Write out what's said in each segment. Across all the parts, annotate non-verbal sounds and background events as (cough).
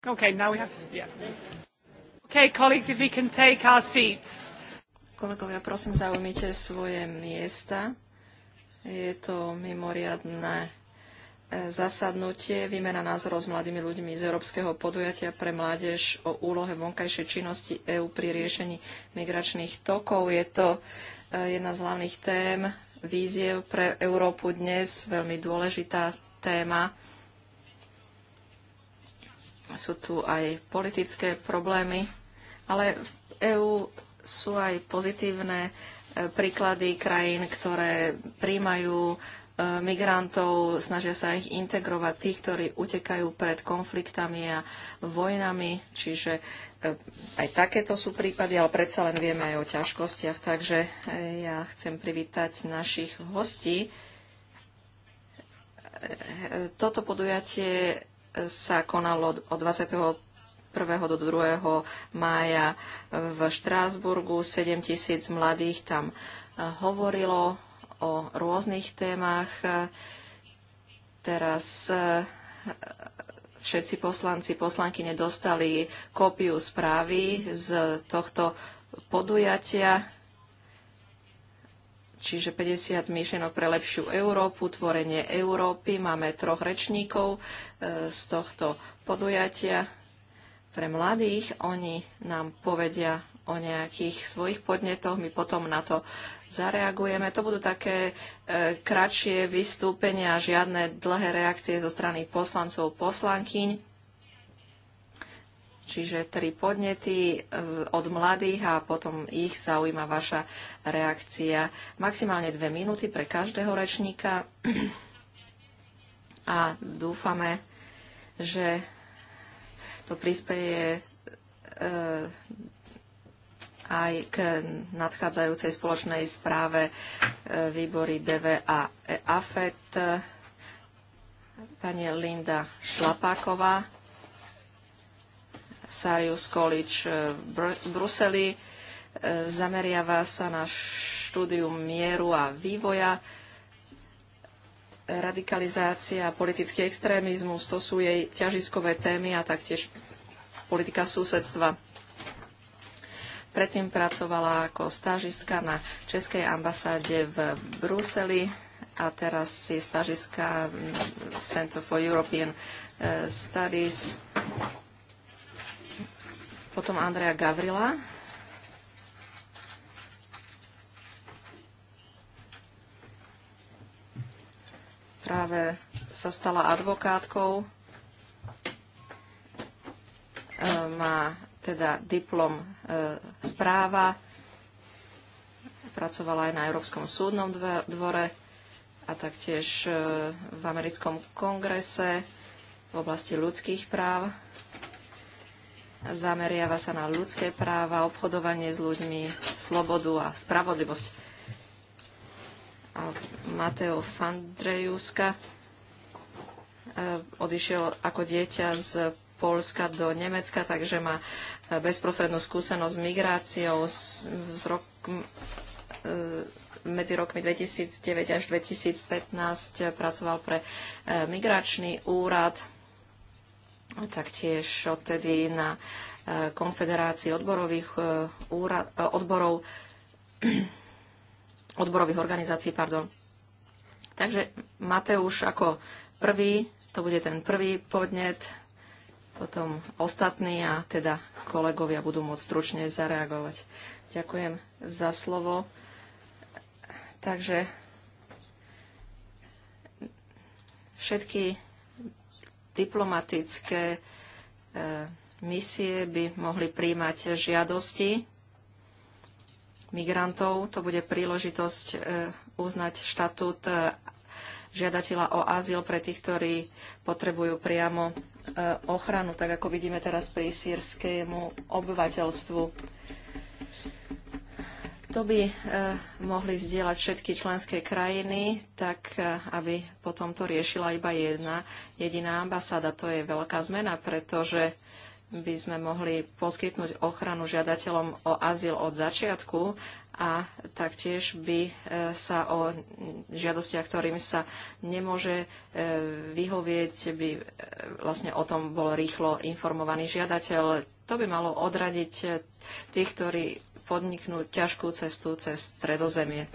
Okay, now we have to... Yeah. Okay, colleagues, if we can take our seats. Kolegovia, prosím, zaujmite svoje miesta. Je to mimoriadne e, zasadnutie, výmena názorov s mladými ľuďmi z Európskeho podujatia pre mládež o úlohe vonkajšej činnosti EÚ pri riešení migračných tokov. Je to e, jedna z hlavných tém, víziev pre Európu dnes, veľmi dôležitá téma sú tu aj politické problémy, ale v EÚ sú aj pozitívne e, príklady krajín, ktoré príjmajú e, migrantov, snažia sa ich integrovať, tých, ktorí utekajú pred konfliktami a vojnami, čiže e, aj takéto sú prípady, ale predsa len vieme aj o ťažkostiach, takže ja chcem privítať našich hostí. Toto podujatie sa konalo od 21. do 2. mája v Štrásburgu. 7 tisíc mladých tam eh, hovorilo o rôznych témach. Teraz eh, všetci poslanci, poslanky nedostali kópiu správy z tohto podujatia čiže 50 myšlienok pre lepšiu Európu, tvorenie Európy. Máme troch rečníkov e, z tohto podujatia pre mladých. Oni nám povedia o nejakých svojich podnetoch, my potom na to zareagujeme. To budú také e, kratšie vystúpenia, žiadne dlhé reakcie zo strany poslancov, poslankyň. Čiže tri podnety e, od mladých a potom ich zaujíma vaša reakcia. Maximálne dve minúty pre každého rečníka a dúfame, že to prispieje e, aj k nadchádzajúcej spoločnej správe e, výbory DV a AFET. Pani Linda Šlapáková Sarius College eh, v Bruseli. Eh, zameriava sa na štúdium mieru a vývoja. Radikalizácia a politický extrémizmus, to sú jej ťažiskové témy a taktiež politika susedstva. Predtým pracovala ako stážistka na Českej ambasáde v Bruseli a teraz je stážistka Center for European eh, Studies potom Andrea Gavrila. Práve sa stala advokátkou. E, má teda diplom z e, práva. Pracovala aj na Európskom súdnom dvore a taktiež e, v americkom kongrese v oblasti ľudských práv zameriava sa na ľudské práva, obchodovanie s ľuďmi, slobodu a spravodlivosť. A Mateo Fandrejuska e, odišiel ako dieťa z Polska do Nemecka, takže má e, bezprostrednú skúsenosť s migráciou z, z rok, e, medzi rokmi 2009 až 2015 pracoval pre migračný úrad taktiež odtedy na e, konfederácii odborových e, úra, e, odborov, (clears throat) odborových organizácií. Pardon. Takže Mateuš ako prvý, to bude ten prvý podnet, potom ostatní a teda kolegovia budú môcť stručne zareagovať. Ďakujem za slovo. Takže všetky diplomatické e, misie by mohli príjmať žiadosti migrantov. To bude príležitosť e, uznať štatút e, žiadateľa o azyl pre tých, ktorí potrebujú priamo ochranu, tak ako vidíme teraz pri sírskému obyvateľstvu. To by eh, mohli zdieľať všetky členské krajiny, tak eh, aby potom to riešila iba jedna jediná ambasáda. To je veľká zmena, pretože by sme mohli poskytnúť ochranu žiadateľom o azyl od začiatku a taktiež by eh, sa o žiadostiach, ktorým sa nemôže vyhovieť, by vlastne o tom bol rýchlo informovaný žiadateľ. To by malo odradiť tých, ktorí podniknúť ťažkú cestu cez stredozemie.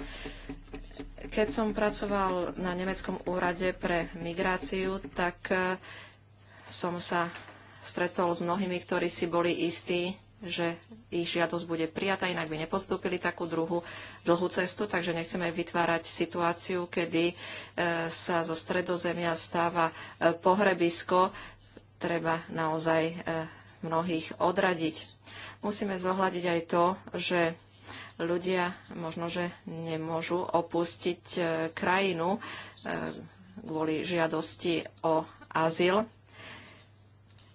Keď som pracoval na Nemeckom úrade pre migráciu, tak e, som sa stretol s mnohými, ktorí si boli istí, že ich žiadosť bude prijatá, inak by nepostúpili takú druhú dlhú cestu, takže nechceme vytvárať situáciu, kedy e, sa zo stredozemia stáva e, pohrebisko. Treba naozaj mnohých odradiť. Musíme zohľadiť aj to, že ľudia možno, že nemôžu opustiť e, krajinu e, kvôli žiadosti o azyl.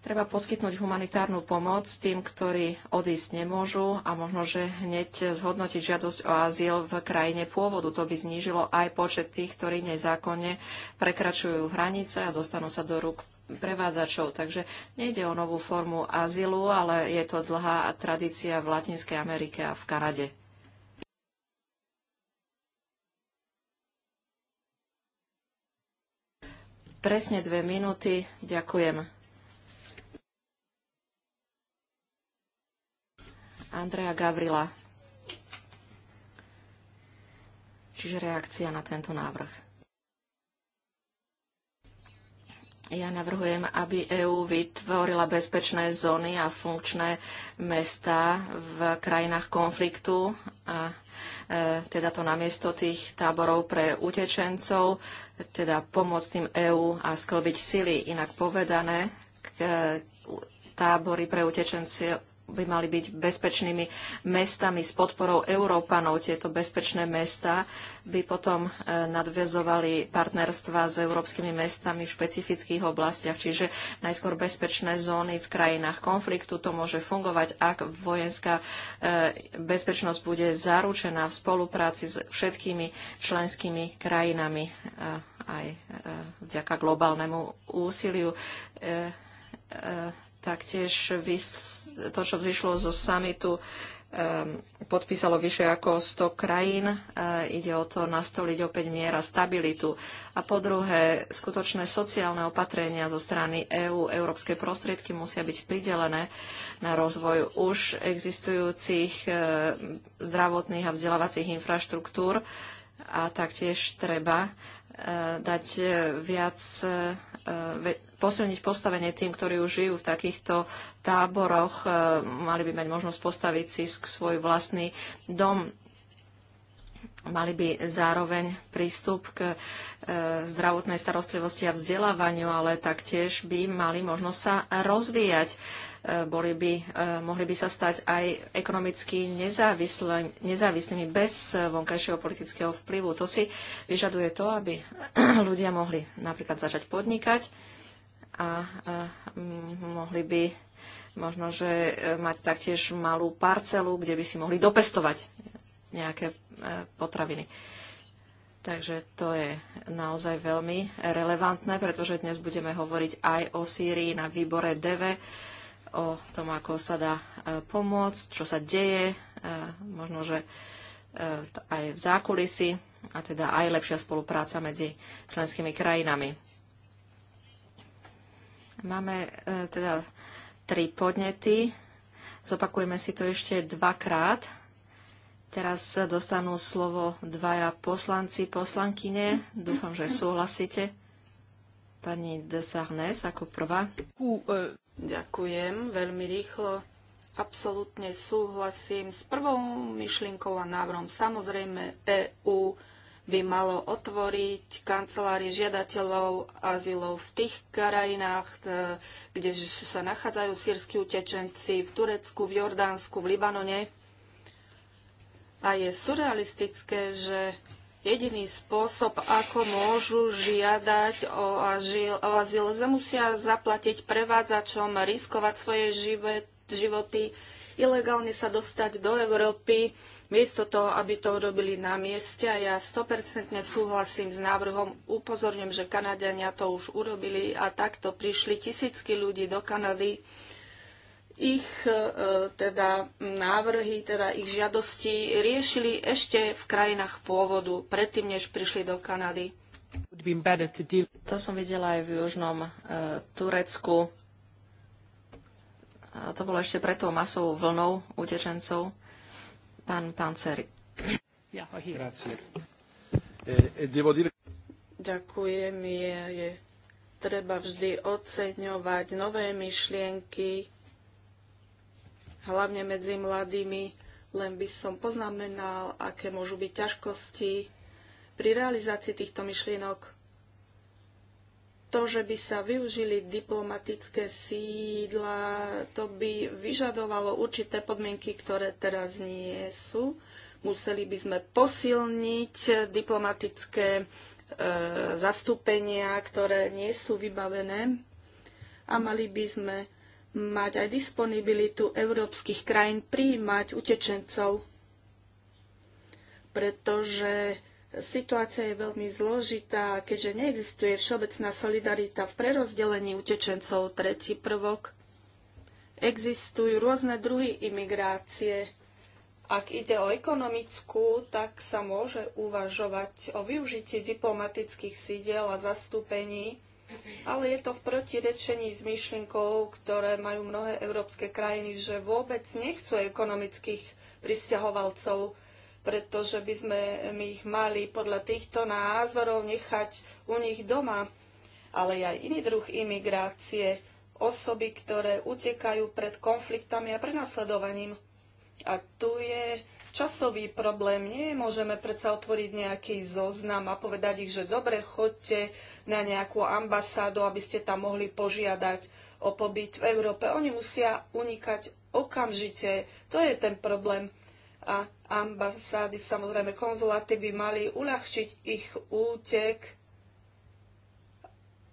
Treba poskytnúť humanitárnu pomoc tým, ktorí odísť nemôžu a možno, že hneď zhodnotiť žiadosť o azyl v krajine pôvodu. To by znížilo aj počet tých, ktorí nezákonne prekračujú hranice a dostanú sa do rúk prevádzačov. Takže nejde o novú formu azylu, ale je to dlhá tradícia v Latinskej Amerike a v Kanade. Presne dve minúty. Ďakujem. Andrea Gavrila. Čiže reakcia na tento návrh. Ja navrhujem, aby EÚ vytvorila bezpečné zóny a funkčné mesta v krajinách konfliktu, a, e, teda to namiesto tých táborov pre utečencov, teda pomôcť tým EÚ a sklbiť sily. Inak povedané, k, e, tábory pre utečencov by mali byť bezpečnými mestami s podporou Európanov. Tieto bezpečné mesta by potom e, nadvezovali partnerstva s európskymi mestami v špecifických oblastiach, čiže najskôr bezpečné zóny v krajinách konfliktu. To môže fungovať, ak vojenská e, bezpečnosť bude zaručená v spolupráci s všetkými členskými krajinami e, aj vďaka globálnemu úsiliu Taktiež to, čo vzýšlo zo samitu, podpísalo vyše ako 100 krajín. E, ide o to nastoliť opäť miera stabilitu. A po druhé, skutočné sociálne opatrenia zo strany EÚ, európske prostriedky musia byť pridelené na rozvoj už existujúcich e, zdravotných a vzdelávacích infraštruktúr. A taktiež treba e, dať viac posilniť postavenie tým, ktorí už žijú v takýchto táboroch, e, mali by mať možnosť postaviť si svoj vlastný dom. Mali by zároveň prístup k e, zdravotnej starostlivosti a vzdelávaniu, ale taktiež by mali možnosť sa rozvíjať e, boli by, mohli by sa stať aj ekonomicky nezávislými bez vonkajšieho politického vplyvu. To si vyžaduje to, aby (clears throat) ľudia mohli napríklad začať podnikať, a, a mohli by možno, že e, mať taktiež malú parcelu, kde by si mohli dopestovať nejaké e, potraviny. Takže to je naozaj veľmi relevantné, pretože dnes budeme hovoriť aj o Sýrii na výbore DV, o tom, ako sa dá e, pomôcť, čo sa deje, možno, že aj v zákulisi, a teda aj lepšia spolupráca medzi členskými krajinami. Máme e, teda tri podnety. Zopakujeme si to ešte dvakrát. Teraz dostanú slovo dvaja poslanci, poslankyne. Dúfam, že súhlasíte. Pani de Sarnes ako prvá. Ďakujem veľmi rýchlo. Absolútne súhlasím s prvou myšlienkou a návrhom. Samozrejme, EU by malo otvoriť kancelárie žiadateľov azylov v tých krajinách, e, kde sa nachádzajú sírsky utečenci v Turecku, v Jordánsku, v Libanone. A je surrealistické, že jediný spôsob, ako môžu žiadať o azyl, o azyl že musia zaplatiť prevádzačom, riskovať svoje životy, ilegálne sa dostať do Európy miesto toho, aby to urobili na mieste. A ja 100% súhlasím s návrhom. Upozorňujem, že Kanadiania to už urobili a takto prišli tisícky ľudí do Kanady. Ich e, teda návrhy, teda ich žiadosti riešili ešte v krajinách pôvodu, predtým, než prišli do Kanady. To som videla aj v južnom e, Turecku. A to bolo ešte pred tou masovou vlnou utečencov. Pán Panceri. Eh, e Ďakujem, je, je treba vždy oceňovať nové myšlienky, hlavne medzi mladými, len by som poznamenal, aké môžu byť ťažkosti pri realizácii týchto myšlienok to, že by sa využili diplomatické sídla, to by vyžadovalo určité podmienky, ktoré teraz nie sú. Museli by sme posilniť diplomatické e, zastúpenia, ktoré nie sú vybavené a mali by sme mať aj disponibilitu európskych krajín prijímať utečencov, pretože Situácia je veľmi zložitá, keďže neexistuje všeobecná solidarita v prerozdelení utečencov. Tretí prvok. Existujú rôzne druhy imigrácie. Ak ide o ekonomickú, tak sa môže uvažovať o využití diplomatických sídel a zastúpení, ale je to v protirečení s myšlienkou, ktoré majú mnohé európske krajiny, že vôbec nechcú ekonomických pristahovalcov pretože by sme my ich mali podľa týchto názorov nechať u nich doma, ale aj iný druh imigrácie, osoby, ktoré utekajú pred konfliktami a prenasledovaním. A tu je časový problém. Nie môžeme predsa otvoriť nejaký zoznam a povedať ich, že dobre, chodte na nejakú ambasádu, aby ste tam mohli požiadať o pobyt v Európe. Oni musia unikať okamžite. To je ten problém. A ambasády, samozrejme konzuláty by mali uľahčiť ich útek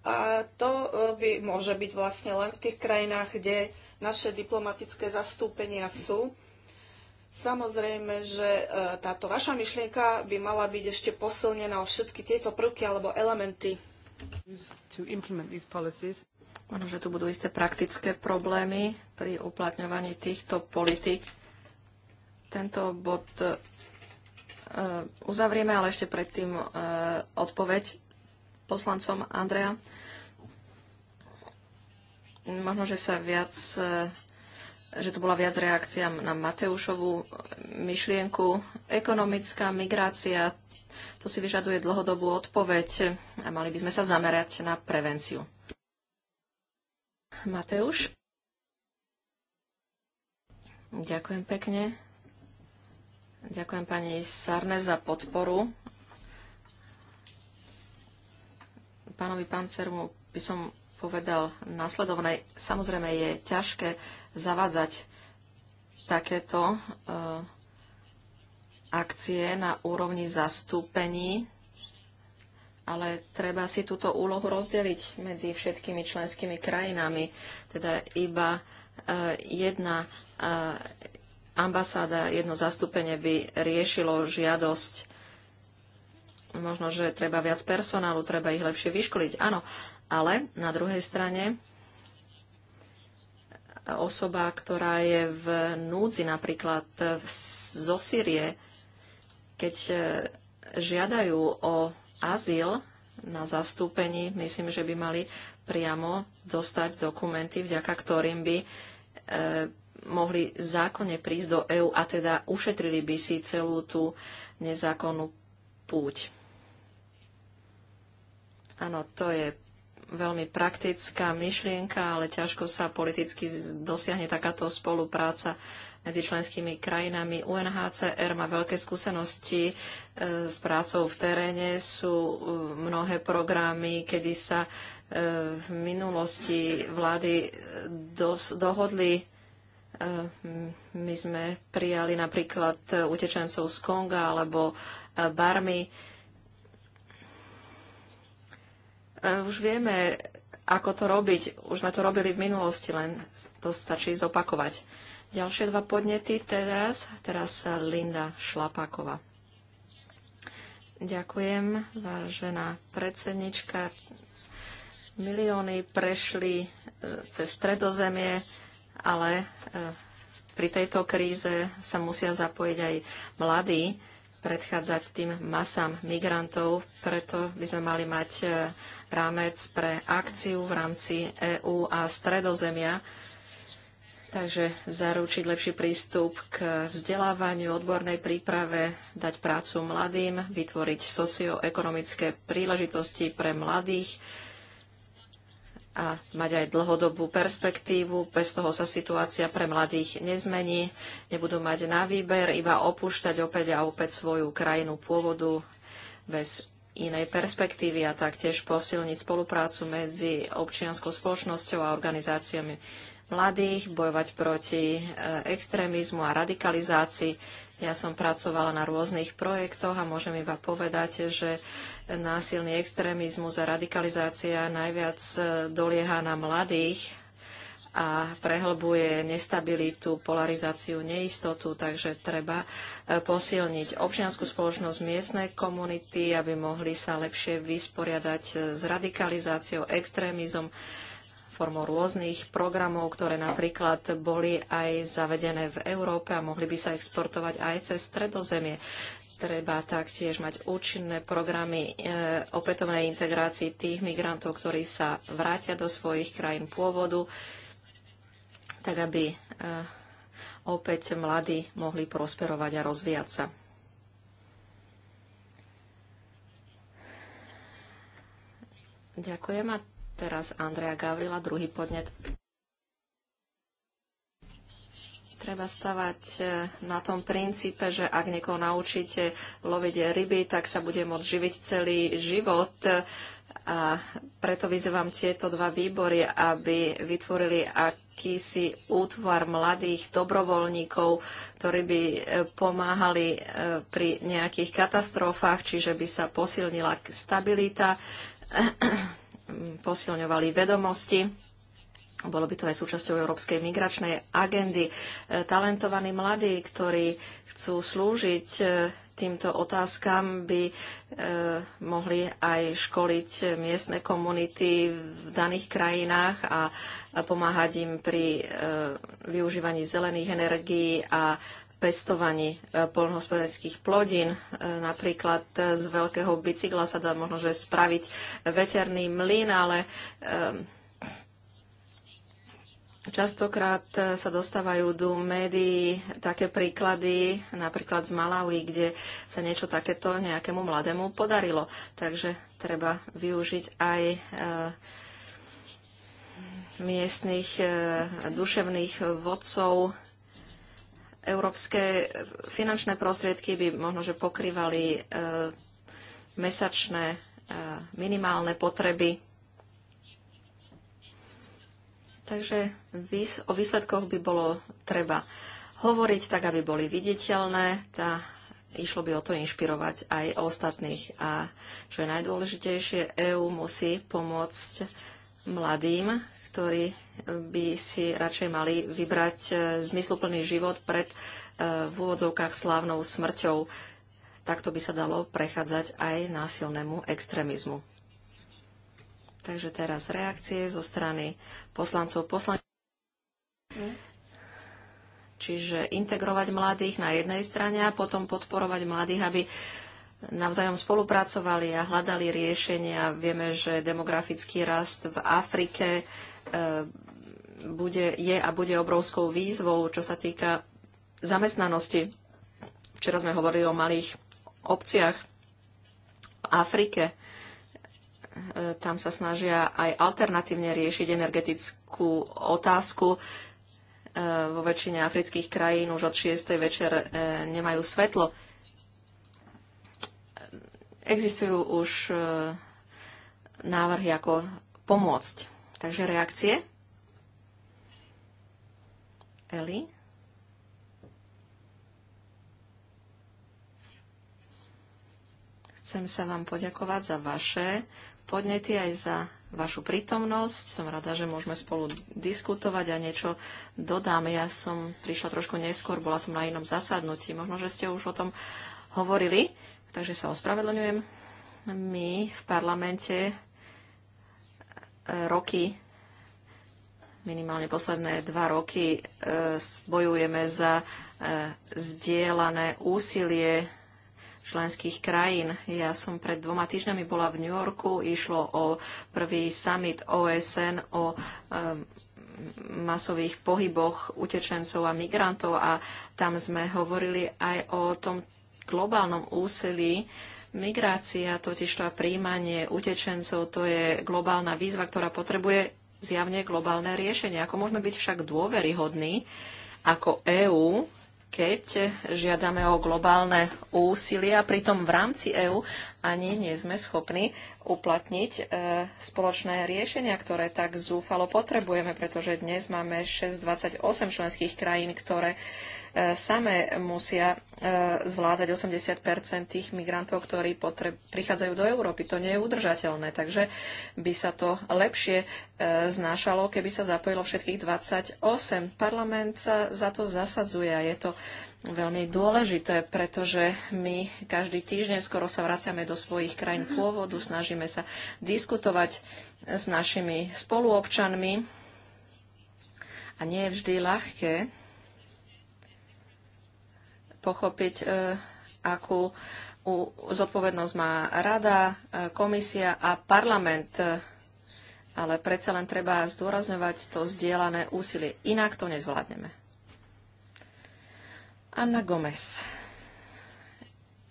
a to e, by môže byť vlastne len v tých krajinách, kde naše diplomatické zastúpenia sú. Samozrejme, že e, táto vaša myšlienka by mala byť ešte posilnená o všetky tieto prvky alebo elementy. Možno, že tu budú isté praktické problémy pri uplatňovaní týchto politik tento bod e, uzavrieme, ale ešte predtým e, odpoveď poslancom Andrea. Možno, že sa viac e, že to bola viac reakcia na Mateušovú myšlienku. Ekonomická migrácia, to si vyžaduje dlhodobú odpoveď a mali by sme sa zamerať na prevenciu. Mateuš? Ďakujem pekne. Ďakujem pani Sarne za podporu. Pánovi Pancermu by som povedal nasledovné. Samozrejme je ťažké zavádzať takéto eh, akcie na úrovni zastúpení, ale treba si túto úlohu rozdeliť medzi všetkými členskými krajinami. Teda iba eh, jedna, eh, ambasáda, jedno zastúpenie by riešilo žiadosť. Možno, že treba viac personálu, treba ich lepšie vyškoliť, áno. Ale na druhej strane osoba, ktorá je v núdzi napríklad zo Sýrie, keď e, žiadajú o azyl na zastúpení, myslím, že by mali priamo dostať dokumenty, vďaka ktorým by e, mohli zákonne prísť do EÚ a teda ušetrili by si celú tú nezákonnú púť. Áno, to je veľmi praktická myšlienka, ale ťažko sa politicky dosiahne takáto spolupráca medzi členskými krajinami. UNHCR má veľké skúsenosti e, s prácou v teréne. Sú e, mnohé programy, kedy sa e, v minulosti vlády dohodli Ehm, my sme prijali napríklad utečencov z Konga alebo e, Barmy. E, už vieme, ako to robiť. Už sme to robili v minulosti, len to stačí zopakovať. Ďalšie dva podnety teraz. Teraz Linda Šlapáková. Ďakujem, vážená predsednička. Milióny prešli e, cez stredozemie ale e, pri tejto kríze sa musia zapojiť aj mladí, predchádzať tým masám migrantov, preto by sme mali mať e, rámec pre akciu v rámci EÚ a Stredozemia, takže zaručiť lepší prístup k vzdelávaniu, odbornej príprave, dať prácu mladým, vytvoriť socioekonomické príležitosti pre mladých, a mať aj dlhodobú perspektívu. Bez toho sa situácia pre mladých nezmení. Nebudú mať na výber, iba opúšťať opäť a opäť svoju krajinu pôvodu bez inej perspektívy a taktiež posilniť spoluprácu medzi občianskou spoločnosťou a organizáciami mladých, bojovať proti eh, extrémizmu a radikalizácii. Ja som pracovala na rôznych projektoch a môžem iba povedať, že násilný extrémizmus a radikalizácia najviac e, dolieha na mladých a prehlbuje nestabilitu, polarizáciu, neistotu, takže treba e, posilniť občianskú spoločnosť, miestne komunity, aby mohli sa lepšie vysporiadať e, s radikalizáciou, extrémizmom formou rôznych programov, ktoré napríklad boli aj zavedené v Európe a mohli by sa exportovať aj cez stredozemie treba taktiež mať účinné programy e, opätovnej integrácii tých migrantov, ktorí sa vrátia do svojich krajín pôvodu, tak aby e, opäť mladí mohli prosperovať a rozvíjať sa. Ďakujem a Teraz Andrea Gavrila, druhý podnet. Treba stavať e, na tom princípe, že ak niekoho naučíte loviť ryby, tak sa bude môcť živiť celý život. E, A preto vyzývam tieto dva výbory, aby vytvorili akýsi útvar mladých dobrovoľníkov, ktorí by e, pomáhali pri nejakých katastrofách, čiže by sa posilnila stabilita posilňovali vedomosti. Bolo by to aj súčasťou Európskej migračnej agendy. E, talentovaní mladí, ktorí chcú slúžiť e, týmto otázkam by e, mohli aj školiť miestne komunity v daných krajinách a, pomáhať im pri využívaní zelených energií a pestovaní e, polnohospodárských plodín. E, napríklad e, z veľkého bicykla sa dá možno že spraviť veterný mlyn, ale častokrát sa dostávajú do médií také príklady, napríklad z Malawi, kde sa niečo takéto nejakému mladému podarilo. Takže treba využiť aj miestnych duševných vodcov, Európske finančné prostriedky by možno, že pokrývali e, mesačné e, minimálne potreby. Takže o výsledkoch by bolo treba hovoriť tak, aby boli viditeľné. Tá, išlo by o to inšpirovať aj ostatných. A čo je najdôležitejšie, EÚ musí pomôcť mladým, ktorí by si radšej mali vybrať e, zmysluplný život pred e, v úvodzovkách slávnou smrťou. Takto by sa dalo prechádzať aj násilnému extrémizmu. Takže teraz reakcie zo strany poslancov poslancov. Čiže integrovať mladých na jednej strane a potom podporovať mladých, aby navzájom spolupracovali a hľadali riešenia. Vieme, že demografický rast v Afrike e, bude, je a bude obrovskou výzvou, čo sa týka zamestnanosti. Včera sme hovorili o malých obciach v Afrike. E, tam sa snažia aj alternatívne riešiť energetickú otázku. E, vo väčšine afrických krajín už od 6. večer e, nemajú svetlo. Existujú už návrhy, ako pomôcť. Takže reakcie? Eli. Chcem sa vám poďakovať za vaše podnety aj za vašu prítomnosť. Som rada, že môžeme spolu diskutovať a niečo dodám. Ja som prišla trošku neskôr, bola som na inom zasadnutí. Možno, že ste už o tom hovorili, takže sa ospravedlňujem. My v parlamente e, roky minimálne posledné dva roky e, bojujeme za e, zdieľané úsilie členských krajín. Ja som pred dvoma týždňami bola v New Yorku, išlo o prvý summit OSN o masových pohyboch utečencov a migrantov a tam sme hovorili aj o tom globálnom úsilí, Migrácia, totiž to a príjmanie utečencov, to je globálna výzva, ktorá potrebuje zjavne globálne riešenie. Ako môžeme byť však dôveryhodní ako EÚ, keď žiadame o globálne úsilie a pritom v rámci EÚ ani nie sme schopní uplatniť e, spoločné riešenia, ktoré tak zúfalo potrebujeme, pretože dnes máme 628 členských krajín, ktoré E, same musia e, zvládať 80 tých migrantov, ktorí prichádzajú do Európy. To nie je udržateľné, takže by sa to lepšie e, znášalo, keby sa zapojilo všetkých 28. Parlament sa za to zasadzuje a je to veľmi dôležité, pretože my každý týždeň skoro sa vraciame do svojich krajín mhm. pôvodu, snažíme sa diskutovať s našimi spoluobčanmi a nie je vždy ľahké pochopiť, e, akú zodpovednosť má rada, e, komisia a parlament. E, ale predsa len treba zdôrazňovať to zdieľané úsilie. Inak to nezvládneme. Anna Gomez.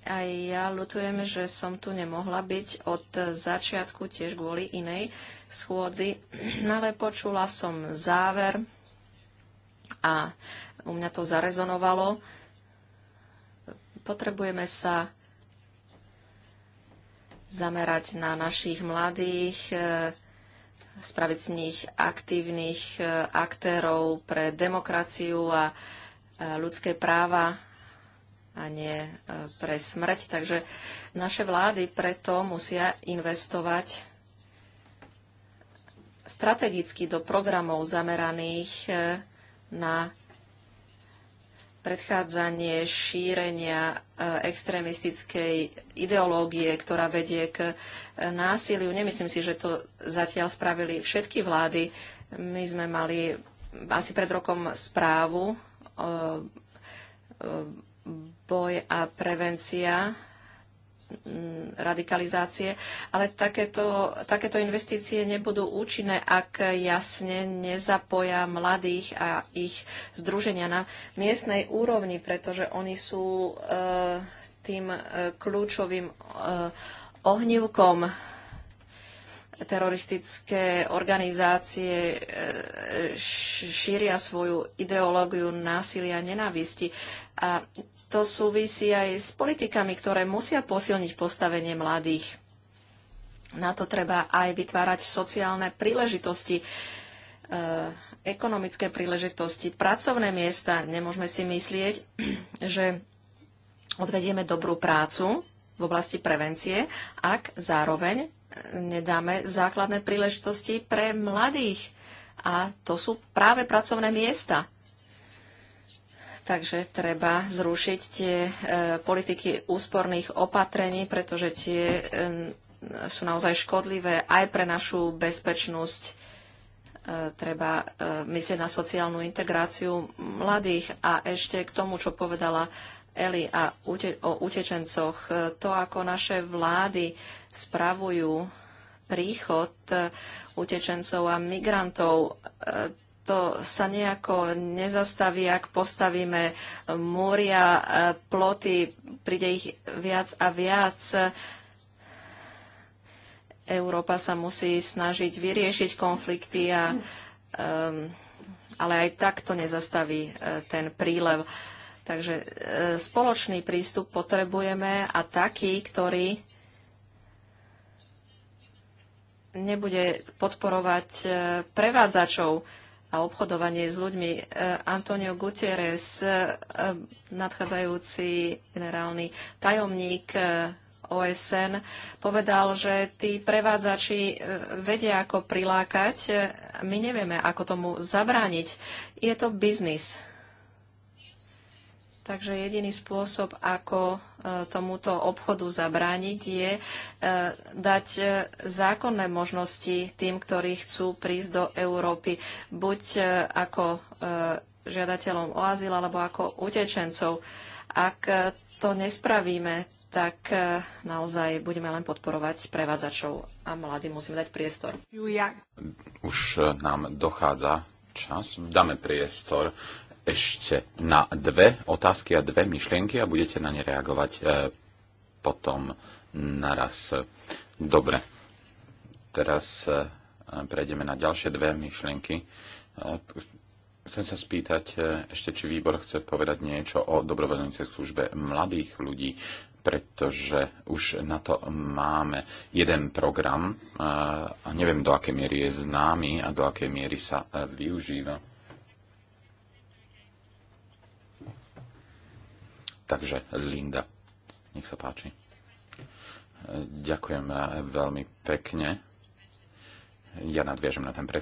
Aj ja ľutujem, že som tu nemohla byť od začiatku tiež kvôli inej schôdzi, (clears throat) ale počula som záver a u mňa to zarezonovalo. Potrebujeme sa zamerať na našich mladých, e, spraviť z nich aktívnych e, aktérov pre demokraciu a e, ľudské práva a nie pre smrť. Takže naše vlády preto musia investovať strategicky do programov zameraných na predchádzanie šírenia eh, extrémistickej ideológie, ktorá vedie k eh, násiliu. Nemyslím si, že to zatiaľ spravili všetky vlády. My sme mali asi pred rokom správu eh, boj a prevencia Mm, radikalizácie, ale takéto, takéto investície nebudú účinné, ak jasne nezapoja mladých a ich združenia na miestnej úrovni, pretože oni sú e, tým e, kľúčovým e, ohnívkom teroristické organizácie šíria svoju ideológiu násilia a nenávisti. A to súvisí aj s politikami, ktoré musia posilniť postavenie mladých. Na to treba aj vytvárať sociálne príležitosti, e, ekonomické príležitosti, pracovné miesta. Nemôžeme si myslieť, (clears throat) že odvedieme dobrú prácu v oblasti prevencie, ak zároveň eh, nedáme základné príležitosti pre mladých. A to sú práve pracovné miesta. Takže treba zrušiť tie e, politiky úsporných opatrení, pretože tie e, sú naozaj škodlivé aj pre našu bezpečnosť. E, treba e, myslieť na sociálnu integráciu mladých. A ešte k tomu, čo povedala Eli a ute- o utečencoch, e, to, ako naše vlády spravujú príchod e, utečencov a migrantov. E, to sa nejako nezastaví, ak postavíme múria, e, ploty, príde ich viac a viac. Európa sa musí snažiť vyriešiť konflikty, a, um, ale aj tak to nezastaví e, ten prílev. Takže e, spoločný prístup potrebujeme a taký, ktorý nebude podporovať prevádzačov, a obchodovanie s ľuďmi. E, Antonio Guterres, e, nadchádzajúci generálny tajomník e, OSN, povedal, že tí prevádzači vedia, ako prilákať. My nevieme, ako tomu zabrániť. Je to biznis Takže jediný spôsob, ako e, tomuto obchodu zabrániť, je e, dať e, zákonné možnosti tým, ktorí chcú prísť do Európy, buď ako žiadateľom o azyl alebo ako utečencov. Ak to nespravíme, tak naozaj budeme len podporovať prevádzačov a mladým musíme dať priestor. Už nám dochádza čas, dáme priestor ešte na dve otázky a dve myšlienky a budete na ne reagovať e, potom naraz. Dobre, teraz e, prejdeme na ďalšie dve myšlienky. E, chcem sa spýtať e, ešte, či výbor chce povedať niečo o dobrovoľníckej službe mladých ľudí pretože už na to máme jeden program e, a neviem, do akej miery je známy a do akej miery sa e, využíva. Takže Linda, nech sa páči. Ďakujem e, veľmi pekne. Ja nadviažem na ten pre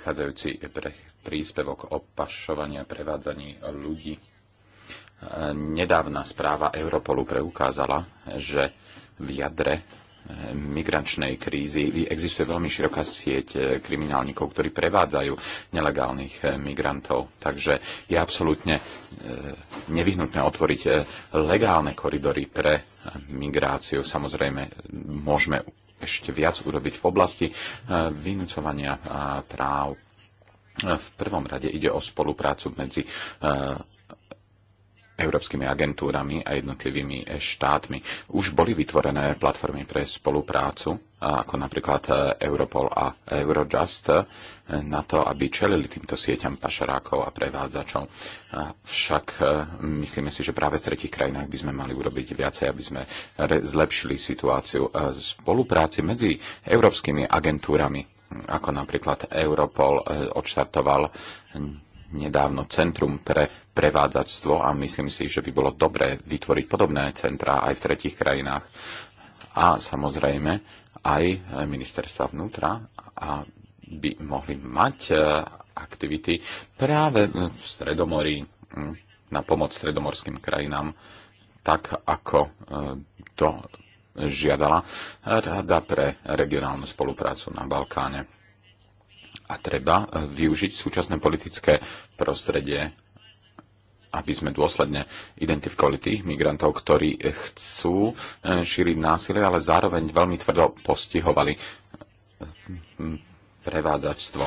príspevok o pašovaní a prevádzaní ľudí. E, nedávna správa Europolu preukázala, že v jadre migračnej krízy existuje veľmi široká sieť eh, kriminálnikov, ktorí prevádzajú nelegálnych eh, migrantov. Takže je absolútne eh, nevyhnutné otvoriť legálne koridory pre migráciu. Samozrejme, môžeme ešte viac urobiť v oblasti vynúcovania práv. V prvom rade ide o spoluprácu medzi európskymi agentúrami a jednotlivými eh, štátmi. Už boli vytvorené platformy pre spoluprácu, ako napríklad eh, Europol a Eurojust, eh, na to, aby čelili týmto sieťam pašerákov a prevádzačov. Však myslíme si, že práve v tretich krajinách by sme mali urobiť viacej, aby sme zlepšili situáciu spolupráci medzi európskymi agentúrami, ako napríklad Europol odštartoval nedávno Centrum pre prevádzačstvo a myslím si, že by bolo dobré vytvoriť podobné centrá aj v tretich krajinách. A samozrejme aj ministerstva vnútra a by mohli mať e, aktivity práve v Stredomorí na pomoc stredomorským krajinám, tak ako e, to žiadala Rada pre regionálnu spoluprácu na Balkáne a treba e, využiť súčasné politické prostredie, aby sme dôsledne identifikovali tých migrantov, ktorí e, chcú e, šíriť násilie, ale zároveň veľmi tvrdo postihovali prevádzačstvo.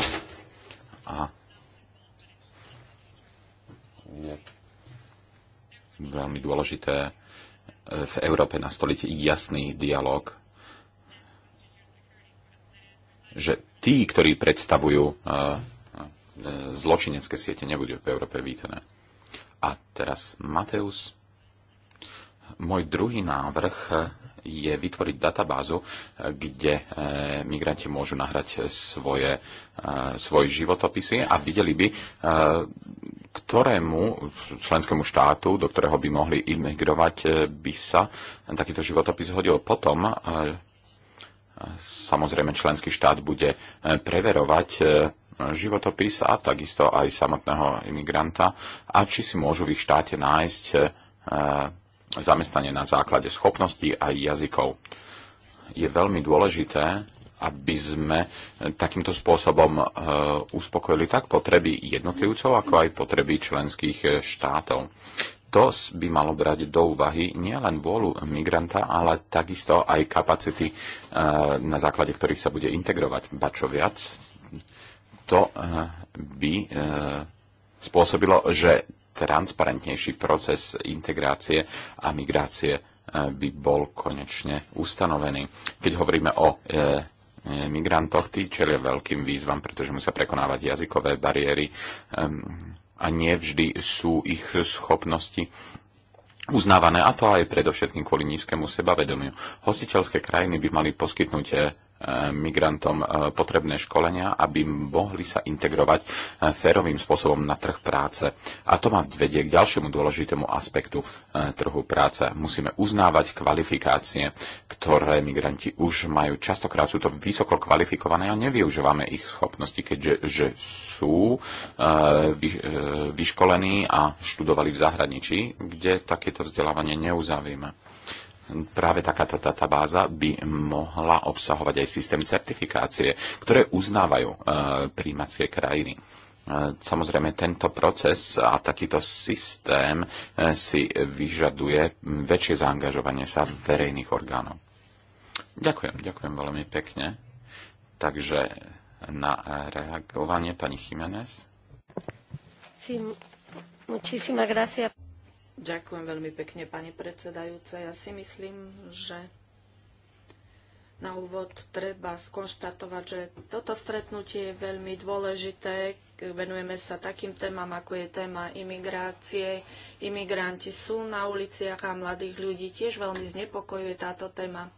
A je veľmi dôležité v Európe nastoliť jasný dialog že tí, ktorí predstavujú eh, eh, zločinecké siete, nebudú v Európe vítané. A teraz Mateus. Môj druhý návrh je vytvoriť databázu, kde eh, migranti môžu nahrať svoje, svoje životopisy a videli by, ktorému členskému štátu, do ktorého by mohli imigrovať, by sa takýto životopis hodil potom. Samozrejme, členský štát bude eh, preverovať eh, životopis a takisto aj samotného imigranta a či si môžu v ich štáte nájsť eh, zamestnanie na základe schopností a jazykov. Je veľmi dôležité, aby sme takýmto spôsobom uspokojili tak potreby jednotlivcov, ako aj potreby členských štátov to by malo brať do úvahy nielen vôľu migranta, ale takisto aj kapacity, e, na základe ktorých sa bude integrovať. Ba čo viac, to e, by e, spôsobilo, že transparentnejší proces integrácie a migrácie by bol konečne ustanovený. Keď hovoríme o migrantoch, tí čelia veľkým výzvam, pretože musia prekonávať jazykové bariéry, a nevždy sú ich schopnosti uznávané, a to aj predovšetkým kvôli nízkemu sebavedomiu. Hostiteľské krajiny by mali poskytnúť eh, migrantom eh, potrebné školenia, aby mohli sa integrovať eh, férovým spôsobom na trh práce. A to ma vedie k ďalšiemu dôležitému aspektu eh, trhu práce. Musíme uznávať kvalifikácie, ktoré migranti už majú. Častokrát sú to vysoko kvalifikované a nevyužívame ich schopnosti, keďže že sú vyškolení a študovali v zahraničí, kde takéto vzdelávanie neuzavíme práve takáto databáza by mohla obsahovať aj systém certifikácie, ktoré uznávajú e, príjmacie krajiny. E, samozrejme, tento proces a takýto systém e, si vyžaduje väčšie zaangažovanie sa verejných orgánov. Ďakujem, ďakujem veľmi pekne. Takže na reagovanie pani Jiménez. Sí, muchísimas gracias. Ďakujem veľmi pekne, pani predsedajúca. Ja si myslím, že na úvod treba skonštatovať, že toto stretnutie je veľmi dôležité. Venujeme sa takým témam, ako je téma imigrácie. Imigranti sú na uliciach a mladých ľudí tiež veľmi znepokojuje táto téma.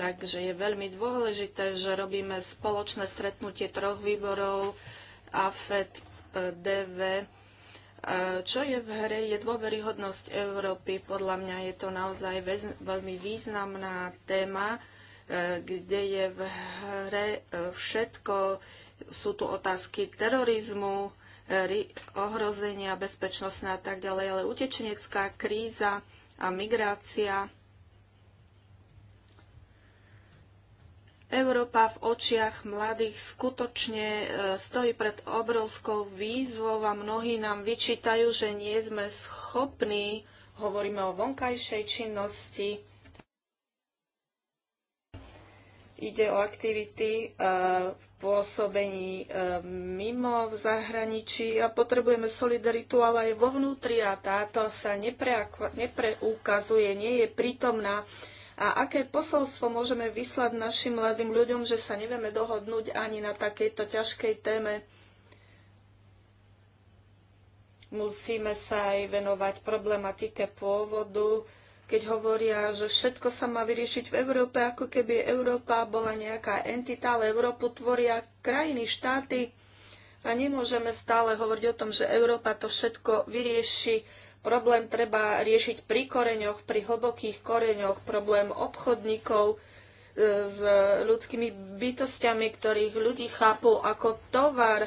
Takže je veľmi dôležité, že robíme spoločné stretnutie troch výborov AFED, eh, DV čo je v hre, je dôveryhodnosť Európy. Podľa mňa je to naozaj veľmi významná téma, e, kde je v hre e, všetko. Sú tu otázky terorizmu, e, ohrozenia, bezpečnostné a tak ďalej, ale utečenecká kríza a migrácia Európa v očiach mladých skutočne e, stojí pred obrovskou výzvou a mnohí nám vyčítajú, že nie sme schopní, hovoríme o vonkajšej činnosti, ide o aktivity e, v pôsobení e, mimo v zahraničí a potrebujeme solidaritu, ale aj vo vnútri a táto sa nepreukazuje, nie je prítomná. A aké posolstvo môžeme vyslať našim mladým ľuďom, že sa nevieme dohodnúť ani na takejto ťažkej téme? Musíme sa aj venovať problematike pôvodu, keď hovoria, že všetko sa má vyriešiť v Európe, ako keby Európa bola nejaká entita, ale Európu tvoria krajiny, štáty. A nemôžeme stále hovoriť o tom, že Európa to všetko vyrieši. Problém treba riešiť pri koreňoch, pri hlbokých koreňoch, problém obchodníkov e, s ľudskými bytostiami, ktorých ľudí chápu ako tovar.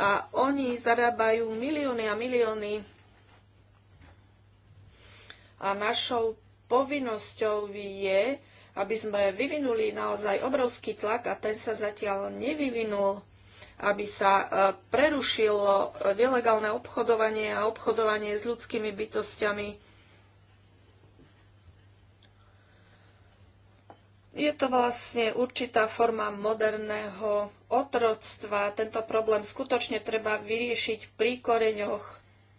A oni zarábajú milióny a milióny. A našou povinnosťou je, aby sme vyvinuli naozaj obrovský tlak a ten sa zatiaľ nevyvinul aby sa e, prerušilo e, nelegálne obchodovanie a obchodovanie s ľudskými bytostiami. Je to vlastne určitá forma moderného otroctva. Tento problém skutočne treba vyriešiť pri koreňoch,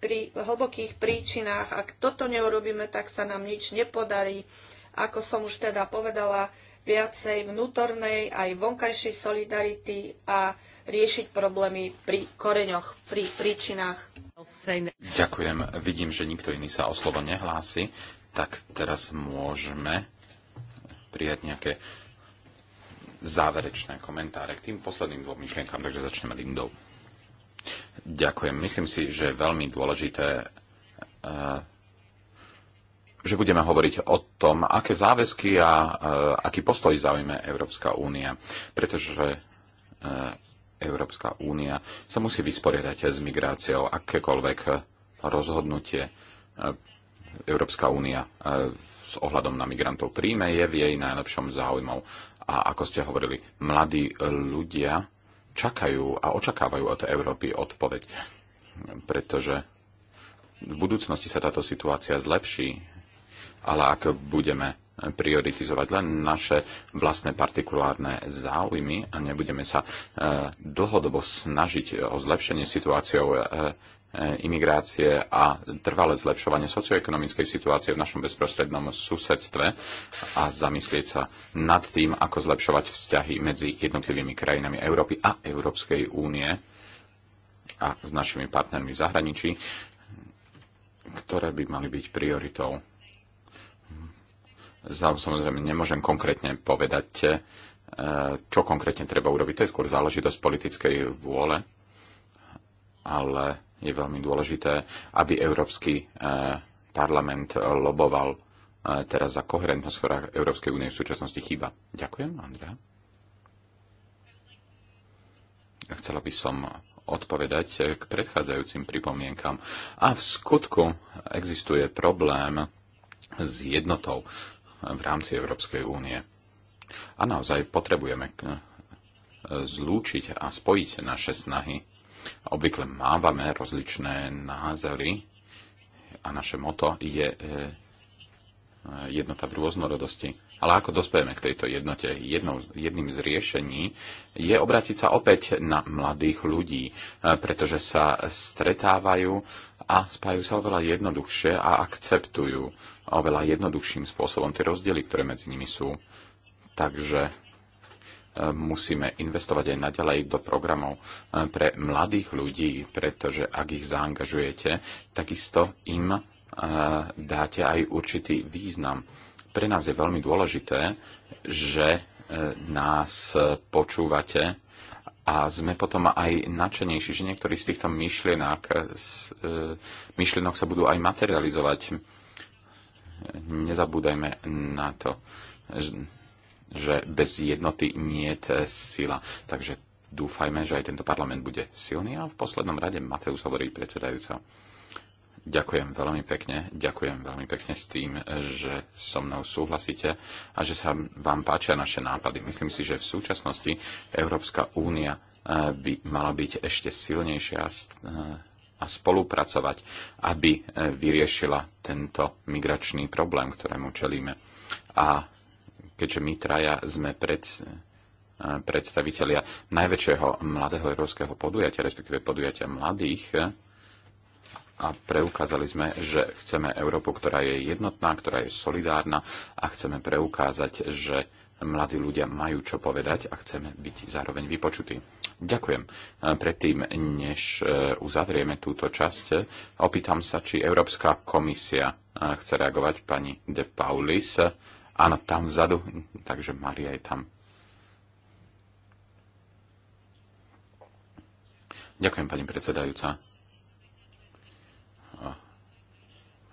pri hlbokých príčinách. Ak toto neurobíme, tak sa nám nič nepodarí. Ako som už teda povedala, viacej vnútornej aj vonkajšej solidarity a riešiť problémy pri koreňoch, pri príčinách. Ďakujem. Vidím, že nikto iný sa o slovo nehlási, tak teraz môžeme prijať nejaké záverečné komentáre k tým posledným dvom myšlienkám, takže začneme Lindou. Ďakujem. Myslím si, že je veľmi dôležité, eh, že budeme hovoriť o tom, aké záväzky a eh, aký postoj zaujme Európska únia, pretože eh, Európska únia sa musí vysporiadať s migráciou. Akékoľvek rozhodnutie e, Európska únia e, s ohľadom na migrantov príjme, je v jej najlepšom záujmov. A ako ste hovorili, mladí ľudia čakajú a očakávajú od Európy odpoveď, pretože v budúcnosti sa táto situácia zlepší, ale ak budeme prioritizovať len naše vlastné partikulárne záujmy a nebudeme sa e, dlhodobo snažiť o zlepšenie situáciou e, e, imigrácie a trvalé zlepšovanie socioekonomickej situácie v našom bezprostrednom susedstve a zamyslieť sa nad tým, ako zlepšovať vzťahy medzi jednotlivými krajinami Európy a Európskej únie a s našimi partnermi v zahraničí, ktoré by mali byť prioritou Samozrejme, nemôžem konkrétne povedať, e, čo konkrétne treba urobiť. To je skôr záležitosť politickej vôle, ale je veľmi dôležité, aby Európsky e, parlament loboval e, teraz za koherentnosť, ktorá Európskej únie v súčasnosti chýba. Ďakujem, Andrea. Chcela by som odpovedať k predchádzajúcim pripomienkam. A v skutku existuje problém s jednotou v rámci Európskej únie. A naozaj potrebujeme eh, zlúčiť a spojiť naše snahy. Obvykle mávame rozličné názory a naše moto je eh, eh, jednota v rôznorodosti. Ale ako dospejeme k tejto jednote? Jednou, jedným z riešení je obrátiť sa opäť na mladých ľudí, pretože sa stretávajú a spájajú sa oveľa jednoduchšie a akceptujú oveľa jednoduchším spôsobom tie rozdiely, ktoré medzi nimi sú. Takže e, musíme investovať aj naďalej do programov e, pre mladých ľudí, pretože ak ich zaangažujete, takisto im e, dáte aj určitý význam. Pre nás je veľmi dôležité, že nás počúvate a sme potom aj nadšenejší, že niektorí z týchto myšlienok, e, myšlienok sa budú aj materializovať. Nezabúdajme na to, že bez jednoty nie je sila. Takže dúfajme, že aj tento parlament bude silný a v poslednom rade Mateus hovorí predsedajúca. Ďakujem veľmi pekne, ďakujem veľmi pekne s tým, že so mnou súhlasíte a že sa vám páčia naše nápady. Myslím si, že v súčasnosti Európska únia eh, by mala byť ešte silnejšia a eh, spolupracovať, aby eh, vyriešila tento migračný problém, ktorému čelíme. A keďže my traja sme pred, predstavitelia najväčšieho mladého európskeho podujatia, respektíve podujatia mladých, a preukázali sme, že chceme Európu, ktorá je jednotná, ktorá je solidárna a chceme preukázať, že mladí ľudia majú čo povedať a chceme byť zároveň vypočutí. Ďakujem. Predtým, než e, uzavrieme túto časť, e, opýtam sa, či Európska komisia e, chce reagovať pani De Paulis. Áno, tam vzadu, takže Maria je tam. Ďakujem, pani predsedajúca.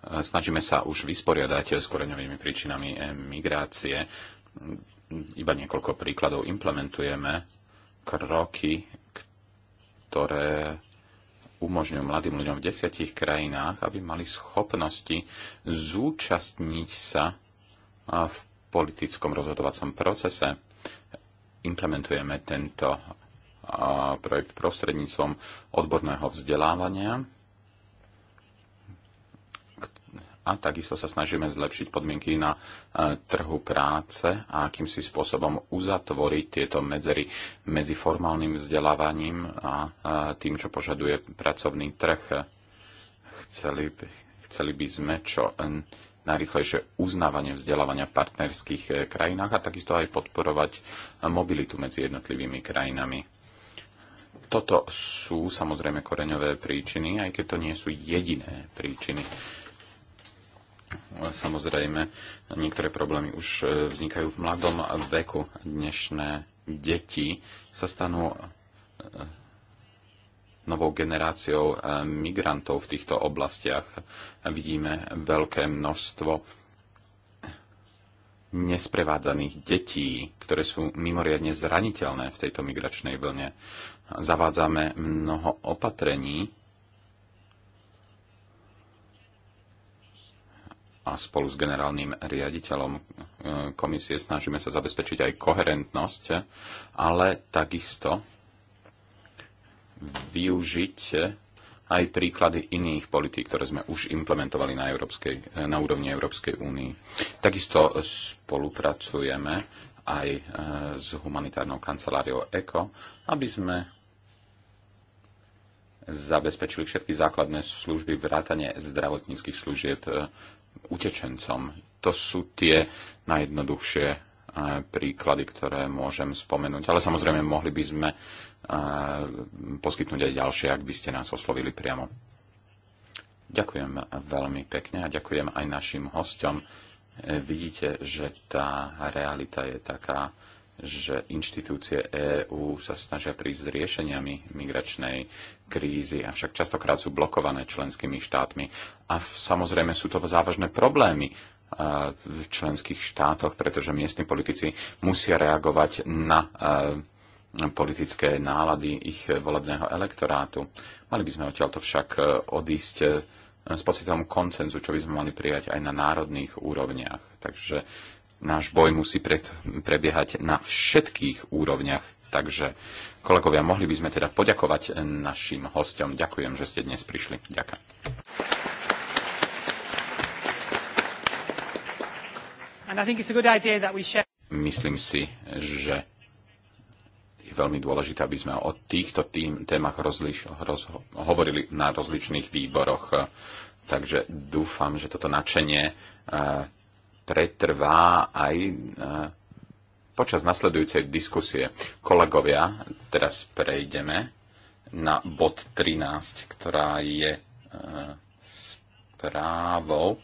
Snažíme sa už vysporiadať s koreňovými príčinami migrácie. Iba niekoľko príkladov implementujeme kroky, ktoré umožňujú mladým ľuďom v desiatich krajinách, aby mali schopnosti zúčastniť sa v politickom rozhodovacom procese. Implementujeme tento projekt prostredníctvom odborného vzdelávania a takisto sa snažíme zlepšiť podmienky na e, trhu práce a akýmsi spôsobom uzatvoriť tieto medzery medzi formálnym vzdelávaním a e, tým, čo požaduje pracovný trh. Chceli, chceli by sme čo e, najrychlejšie uznávanie vzdelávania v partnerských krajinách a takisto aj podporovať mobilitu medzi jednotlivými krajinami. Toto sú samozrejme koreňové príčiny, aj keď to nie sú jediné príčiny Samozrejme, niektoré problémy už e, vznikajú v mladom veku. Dnešné deti sa stanú e, novou generáciou e, migrantov v týchto oblastiach. Vidíme veľké množstvo nesprevádzaných detí, ktoré sú mimoriadne zraniteľné v tejto migračnej vlne. Zavádzame mnoho opatrení, a spolu s generálnym riaditeľom e, komisie snažíme sa zabezpečiť aj koherentnosť, ale takisto využiť aj príklady iných politík, ktoré sme už implementovali na, európskej, e, na úrovni Európskej únii. Takisto spolupracujeme aj e, s humanitárnou kanceláriou ECO, aby sme zabezpečili všetky základné služby, vrátane zdravotníckých služieb e, utečencom. To sú tie najjednoduchšie e, príklady, ktoré môžem spomenúť. Ale samozrejme, mohli by sme e, poskytnúť aj ďalšie, ak by ste nás oslovili priamo. Ďakujem veľmi pekne a ďakujem aj našim hostom. Vidíte, že tá realita je taká, že inštitúcie EÚ sa snažia prísť s riešeniami migračnej krízy, avšak častokrát sú blokované členskými štátmi. A samozrejme sú to závažné problémy v členských štátoch, pretože miestni politici musia reagovať na politické nálady ich volebného elektorátu. Mali by sme odtiaľto však e, odísť e, s pocitom koncenzu, čo by sme mali prijať aj na národných úrovniach. Takže náš boj musí pre, prebiehať na všetkých úrovniach. Takže, kolegovia, mohli by sme teda poďakovať našim hostom. Ďakujem, že ste dnes prišli. Ďakujem. Myslím si, že je veľmi dôležité, aby sme o týchto tým, témach rozliš, roz, hovorili na rozličných výboroch. Takže dúfam, že toto načenie eh, pretrvá aj e, počas nasledujúcej diskusie. Kolegovia, teraz prejdeme na bod 13, ktorá je e, správou,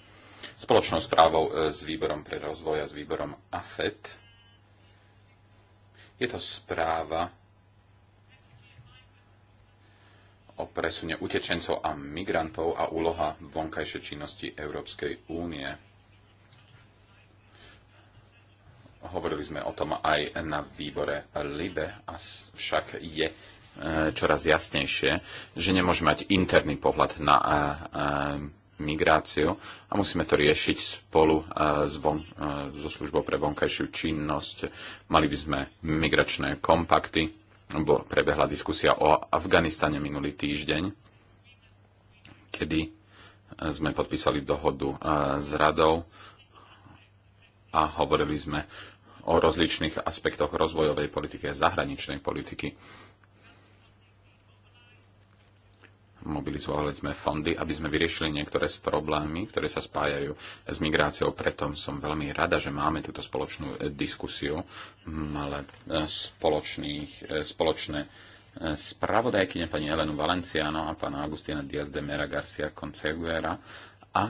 spoločnou správou e, s výborom pre rozvoj a s výborom AFET. Je to správa o presune utečencov a migrantov a úloha vonkajšej činnosti Európskej únie. Hovorili sme o tom aj na výbore LIBE, a však je e, čoraz jasnejšie, že nemôžeme mať interný pohľad na e, e, migráciu a musíme to riešiť spolu s von, so službou pre vonkajšiu činnosť. Mali by sme migračné kompakty, bo prebehla diskusia o Afganistane minulý týždeň, kedy sme podpísali dohodu s radou a hovorili sme o rozličných aspektoch rozvojovej politiky a zahraničnej politiky. Mobilizovali sme fondy, aby sme vyriešili niektoré z problémy, ktoré sa spájajú s migráciou. Preto som veľmi rada, že máme túto spoločnú e, diskusiu, ale e, spoločné e, spravodajkyne pani Elenu Valenciano a pána Agustina Diaz de Mera Garcia Conceguera, a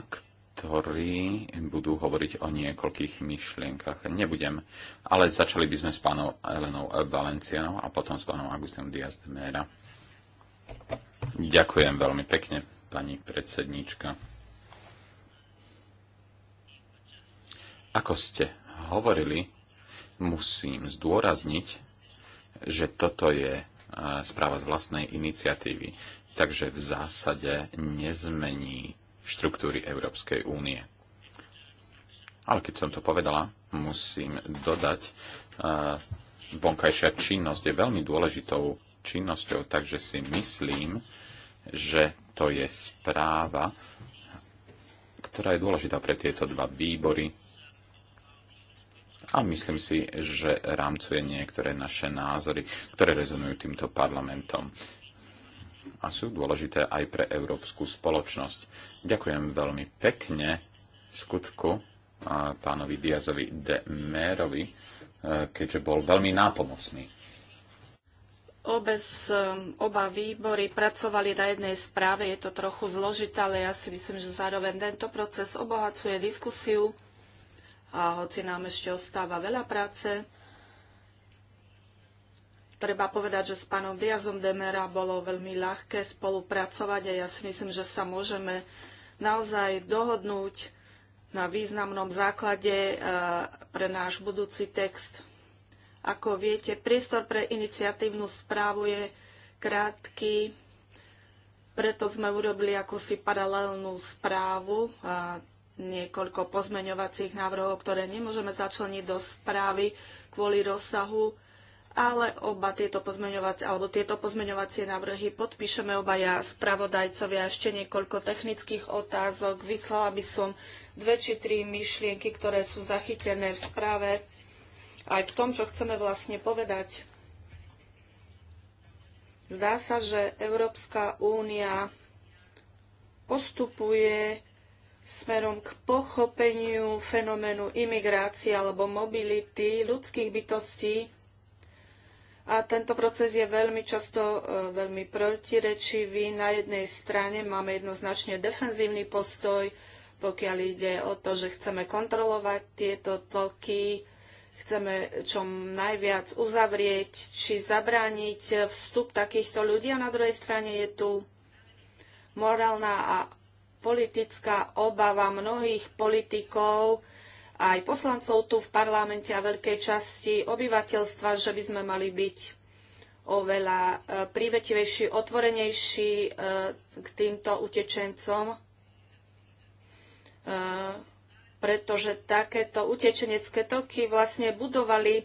ktorí budú hovoriť o niekoľkých myšlienkach. Nebudem, ale začali by sme s pánom Elenou Valencianou a potom s pánom Agustinom Diaz de Mera. Ďakujem veľmi pekne, pani predsednička. Ako ste hovorili, musím zdôrazniť, že toto je e, správa z vlastnej iniciatívy, takže v zásade nezmení štruktúry Európskej únie. Ale keď som to povedala, musím dodať, eh, vonkajšia činnosť je veľmi dôležitou činnosťou, takže si myslím, že to je správa, ktorá je dôležitá pre tieto dva výbory. A myslím si, že rámcuje niektoré naše názory, ktoré rezonujú týmto parlamentom a sú dôležité aj pre európsku spoločnosť. Ďakujem veľmi pekne skutku pánovi Diazovi de Mérovi, e, keďže bol veľmi nápomocný. Obez e, oba výbory pracovali na jednej správe, je to trochu zložité, ale ja si myslím, že zároveň tento proces obohacuje diskusiu a hoci nám ešte ostáva veľa práce, treba povedať, že s pánom Diazom Demera bolo veľmi ľahké spolupracovať a ja si myslím, že sa môžeme naozaj dohodnúť na významnom základe eh, pre náš budúci text. Ako viete, priestor pre iniciatívnu správu je krátky, preto sme urobili akúsi paralelnú správu, a niekoľko pozmeňovacích návrhov, ktoré nemôžeme začleniť do správy kvôli rozsahu ale oba tieto pozmeňovacie, alebo tieto pozmeňovacie návrhy podpíšeme obaja spravodajcovia. Ešte niekoľko technických otázok. Vyslala by som dve či tri myšlienky, ktoré sú zachytené v správe, aj v tom, čo chceme vlastne povedať. Zdá sa, že Európska únia postupuje smerom k pochopeniu fenoménu imigrácie alebo mobility ľudských bytostí a tento proces je veľmi často e, veľmi protirečivý. Na jednej strane máme jednoznačne defenzívny postoj, pokiaľ ide o to, že chceme kontrolovať tieto toky, chceme čo najviac uzavrieť či zabrániť vstup takýchto ľudí. A na druhej strane je tu morálna a politická obava mnohých politikov, aj poslancov tu v parlamente a veľkej časti obyvateľstva, že by sme mali byť oveľa e, prívetivejší, otvorenejší e, k týmto utečencom, e, pretože takéto utečenecké toky vlastne budovali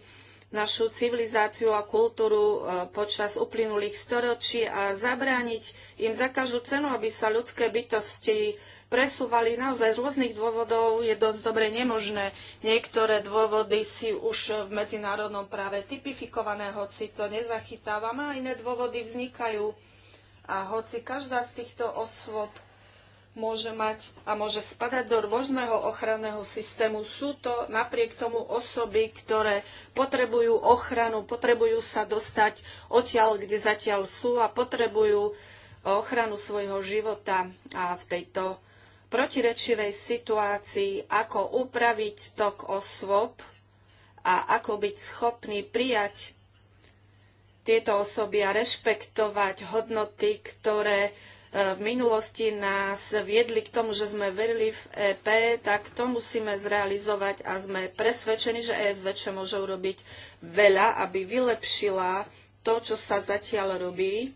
našu civilizáciu a kultúru počas uplynulých storočí a zabrániť im za každú cenu, aby sa ľudské bytosti presúvali naozaj z rôznych dôvodov, je dosť dobre nemožné. Niektoré dôvody si už v medzinárodnom práve typifikované, hoci to nezachytávame, a iné dôvody vznikajú. A hoci každá z týchto osôb môže mať a môže spadať do rôzneho ochranného systému. Sú to napriek tomu osoby, ktoré potrebujú ochranu, potrebujú sa dostať odtiaľ, kde zatiaľ sú a potrebujú ochranu svojho života. A v tejto protirečivej situácii, ako upraviť tok osôb a ako byť schopný prijať tieto osoby a rešpektovať hodnoty, ktoré e, v minulosti nás viedli k tomu, že sme verili v EP, tak to musíme zrealizovať a sme presvedčení, že ESVČ môže urobiť veľa, aby vylepšila to, čo sa zatiaľ robí.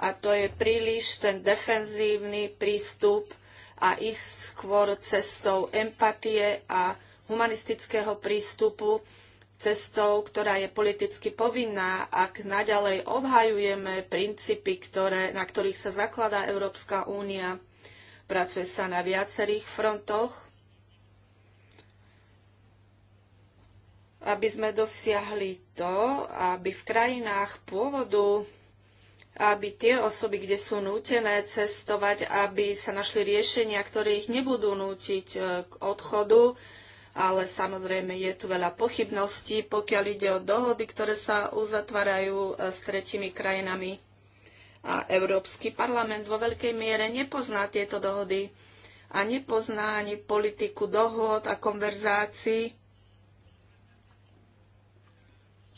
A to je príliš ten defenzívny prístup, a ísť skôr cestou empatie a humanistického prístupu, cestou, ktorá je politicky povinná, ak naďalej obhajujeme princípy, ktoré, na ktorých sa zakladá Európska únia. Pracuje sa na viacerých frontoch, aby sme dosiahli to, aby v krajinách pôvodu aby tie osoby, kde sú nútené cestovať, aby sa našli riešenia, ktoré ich nebudú nútiť e, k odchodu, ale samozrejme je tu veľa pochybností, pokiaľ ide o dohody, ktoré sa uzatvárajú e, s tretimi krajinami. A Európsky parlament vo veľkej miere nepozná tieto dohody a nepozná ani politiku dohod a konverzácií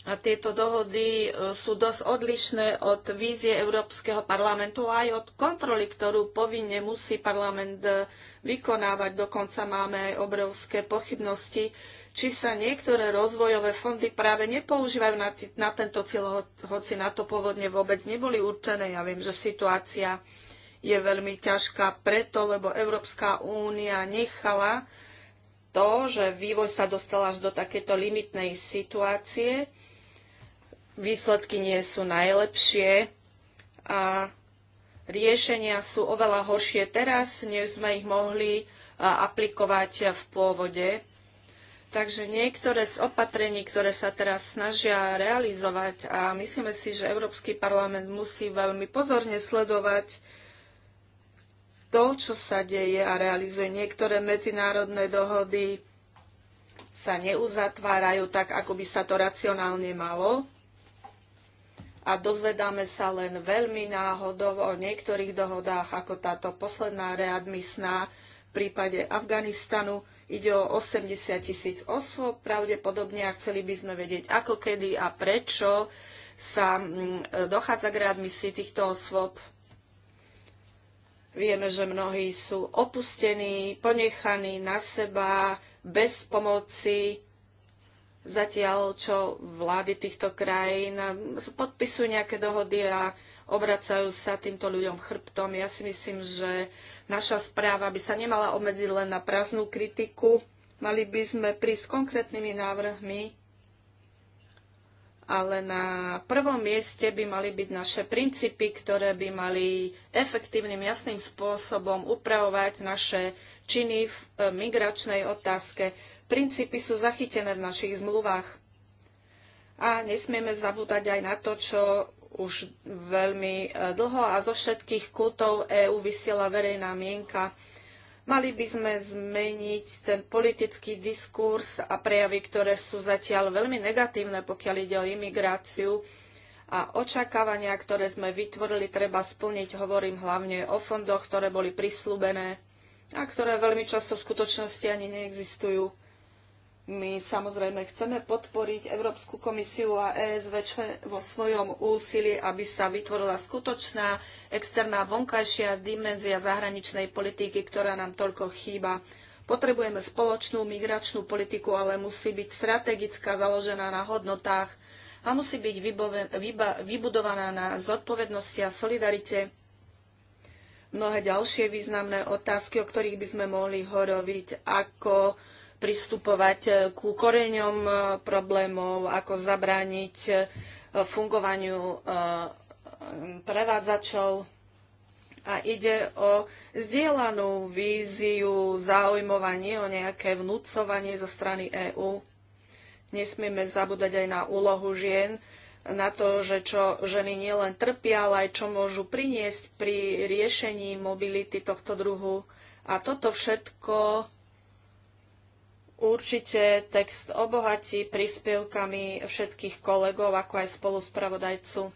a tieto dohody e, sú dosť odlišné od vízie Európskeho parlamentu a aj od kontroly, ktorú povinne musí parlament e, vykonávať. Dokonca máme aj obrovské pochybnosti, či sa niektoré rozvojové fondy práve nepoužívajú na, na tento cieľ, hoci na to pôvodne vôbec neboli určené. Ja viem, že situácia je veľmi ťažká preto, lebo Európska únia nechala to, že vývoj sa dostal až do takéto limitnej situácie výsledky nie sú najlepšie a riešenia sú oveľa horšie teraz, než sme ich mohli aplikovať v pôvode. Takže niektoré z opatrení, ktoré sa teraz snažia realizovať a myslíme si, že Európsky parlament musí veľmi pozorne sledovať to, čo sa deje a realizuje. Niektoré medzinárodné dohody sa neuzatvárajú tak, ako by sa to racionálne malo a dozvedáme sa len veľmi náhodou o niektorých dohodách, ako táto posledná readmisná v prípade Afganistanu. Ide o 80 tisíc osôb pravdepodobne a chceli by sme vedieť, ako, kedy a prečo sa mm, dochádza k readmisii týchto osôb. Vieme, že mnohí sú opustení, ponechaní na seba, bez pomoci, Zatiaľ, čo vlády týchto krajín podpisujú nejaké dohody a obracajú sa týmto ľuďom chrbtom. Ja si myslím, že naša správa by sa nemala obmedziť len na prázdnu kritiku. Mali by sme prísť s konkrétnymi návrhmi, ale na prvom mieste by mali byť naše princípy, ktoré by mali efektívnym, jasným spôsobom upravovať naše činy v e, migračnej otázke princípy sú zachytené v našich zmluvách. A nesmieme zabúdať aj na to, čo už veľmi e, dlho a zo všetkých kútov EÚ vysiela verejná mienka. Mali by sme zmeniť ten politický diskurs a prejavy, ktoré sú zatiaľ veľmi negatívne, pokiaľ ide o imigráciu a očakávania, ktoré sme vytvorili, treba splniť. Hovorím hlavne o fondoch, ktoré boli prislúbené a ktoré veľmi často v skutočnosti ani neexistujú. My samozrejme chceme podporiť Európsku komisiu a ESV vo svojom úsilí, aby sa vytvorila skutočná externá vonkajšia dimenzia zahraničnej politiky, ktorá nám toľko chýba. Potrebujeme spoločnú migračnú politiku, ale musí byť strategická, založená na hodnotách a musí byť vybudovaná na zodpovednosti a solidarite. Mnohé ďalšie významné otázky, o ktorých by sme mohli horoviť, ako pristupovať e, ku koreňom e, problémov, ako zabrániť e, fungovaniu prevádzačov. A ide o zdieľanú víziu zaujímovanie, o nejaké vnúcovanie zo strany EÚ. Nesmieme zabúdať aj na úlohu žien, na to, že čo ženy nielen trpia, ale aj čo môžu priniesť pri riešení mobility tohto druhu. A toto všetko určite text obohatí príspevkami všetkých kolegov, ako aj spoluspravodajcu.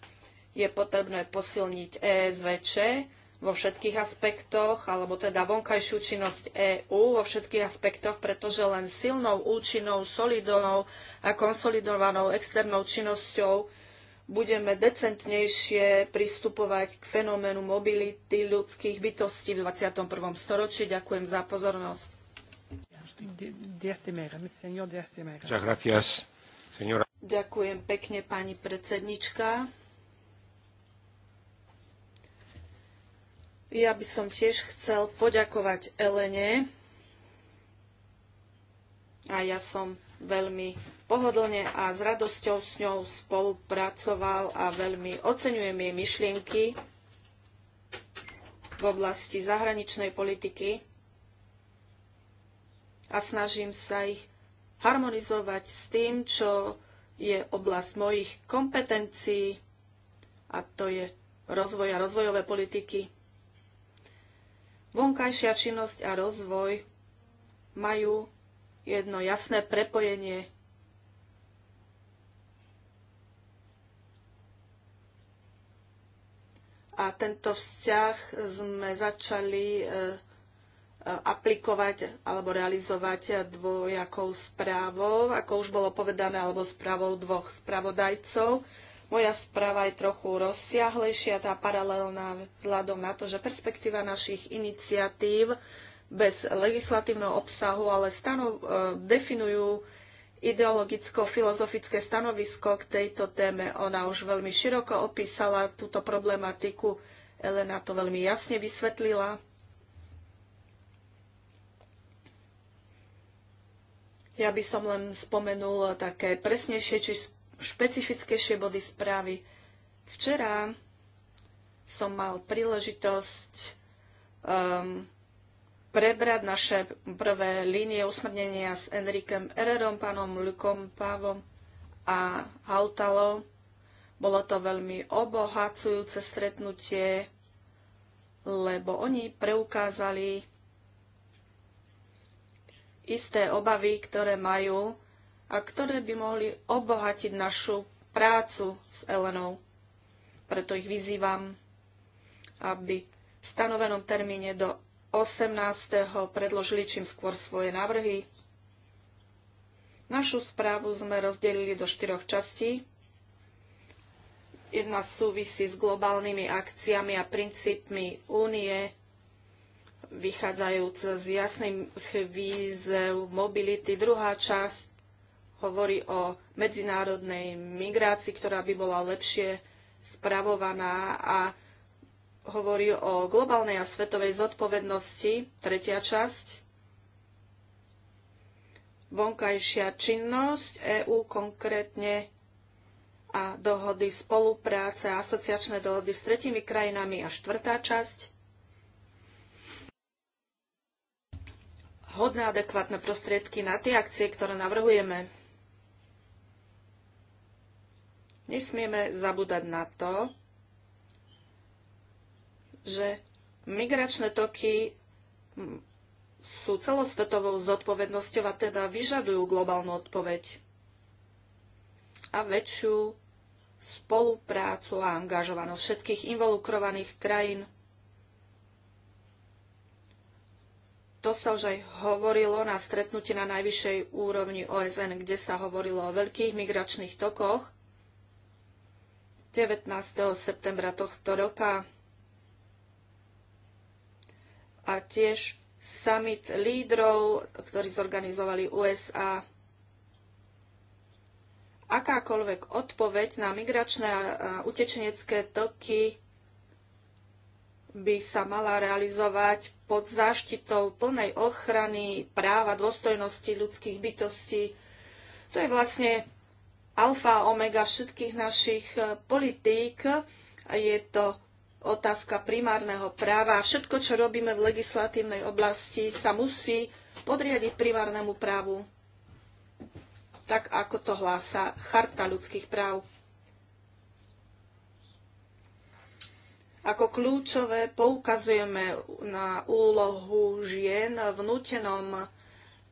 Je potrebné posilniť ESVČ vo všetkých aspektoch, alebo teda vonkajšiu činnosť EÚ vo všetkých aspektoch, pretože len silnou, účinnou, solidnou a konsolidovanou externou činnosťou budeme decentnejšie pristupovať k fenoménu mobility ľudských bytostí v 21. storočí. Ďakujem za pozornosť. Ďakujem pekne, pani predsednička. Ja by som tiež chcel poďakovať Elene. A ja som veľmi pohodlne a s radosťou s ňou spolupracoval a veľmi oceňujem jej myšlienky v oblasti zahraničnej politiky a snažím sa ich harmonizovať s tým, čo je oblasť mojich kompetencií a to je rozvoj a rozvojové politiky. Vonkajšia činnosť a rozvoj majú jedno jasné prepojenie. A tento vzťah sme začali e, aplikovať alebo realizovať dvojakou správou, ako už bolo povedané, alebo správou dvoch spravodajcov. Moja správa je trochu rozsiahlejšia, tá paralelná vzhľadom na to, že perspektíva našich iniciatív bez legislatívneho obsahu, ale stanov, e, definujú ideologicko-filozofické stanovisko k tejto téme. Ona už veľmi široko opísala túto problematiku. Elena to veľmi jasne vysvetlila Ja by som len spomenul také presnejšie či špecifickejšie body správy. Včera som mal príležitosť um, prebrať naše prvé línie usmernenia s Enrikem Ererom, pánom Lukom Pávom a Hautalo. Bolo to veľmi obohacujúce stretnutie, lebo oni preukázali isté obavy, ktoré majú a ktoré by mohli obohatiť našu prácu s Elenou. Preto ich vyzývam, aby v stanovenom termíne do 18. predložili čím skôr svoje návrhy. Našu správu sme rozdelili do štyroch častí. Jedna súvisí s globálnymi akciami a princípmi únie vychádzajúc z jasných výzev mobility. Druhá časť hovorí o medzinárodnej migrácii, ktorá by bola lepšie spravovaná a hovorí o globálnej a svetovej zodpovednosti. Tretia časť. Vonkajšia činnosť EÚ konkrétne a dohody spolupráce, asociačné dohody s tretimi krajinami a štvrtá časť hodné adekvátne prostriedky na tie akcie, ktoré navrhujeme. Nesmieme zabúdať na to, že migračné toky sú celosvetovou zodpovednosťou a teda vyžadujú globálnu odpoveď a väčšiu spoluprácu a angažovanosť všetkých involukrovaných krajín. To sa už aj hovorilo na stretnutí na najvyššej úrovni OSN, kde sa hovorilo o veľkých migračných tokoch 19. septembra tohto roka a tiež summit lídrov, ktorý zorganizovali USA. Akákoľvek odpoveď na migračné a utečenecké toky by sa mala realizovať pod záštitou plnej ochrany práva dôstojnosti ľudských bytostí. To je vlastne alfa a omega všetkých našich e, politík. Je to otázka primárneho práva. Všetko, čo robíme v legislatívnej oblasti, sa musí podriadiť primárnemu právu, tak ako to hlása Charta ľudských práv. Ako kľúčové poukazujeme na úlohu žien v nutenom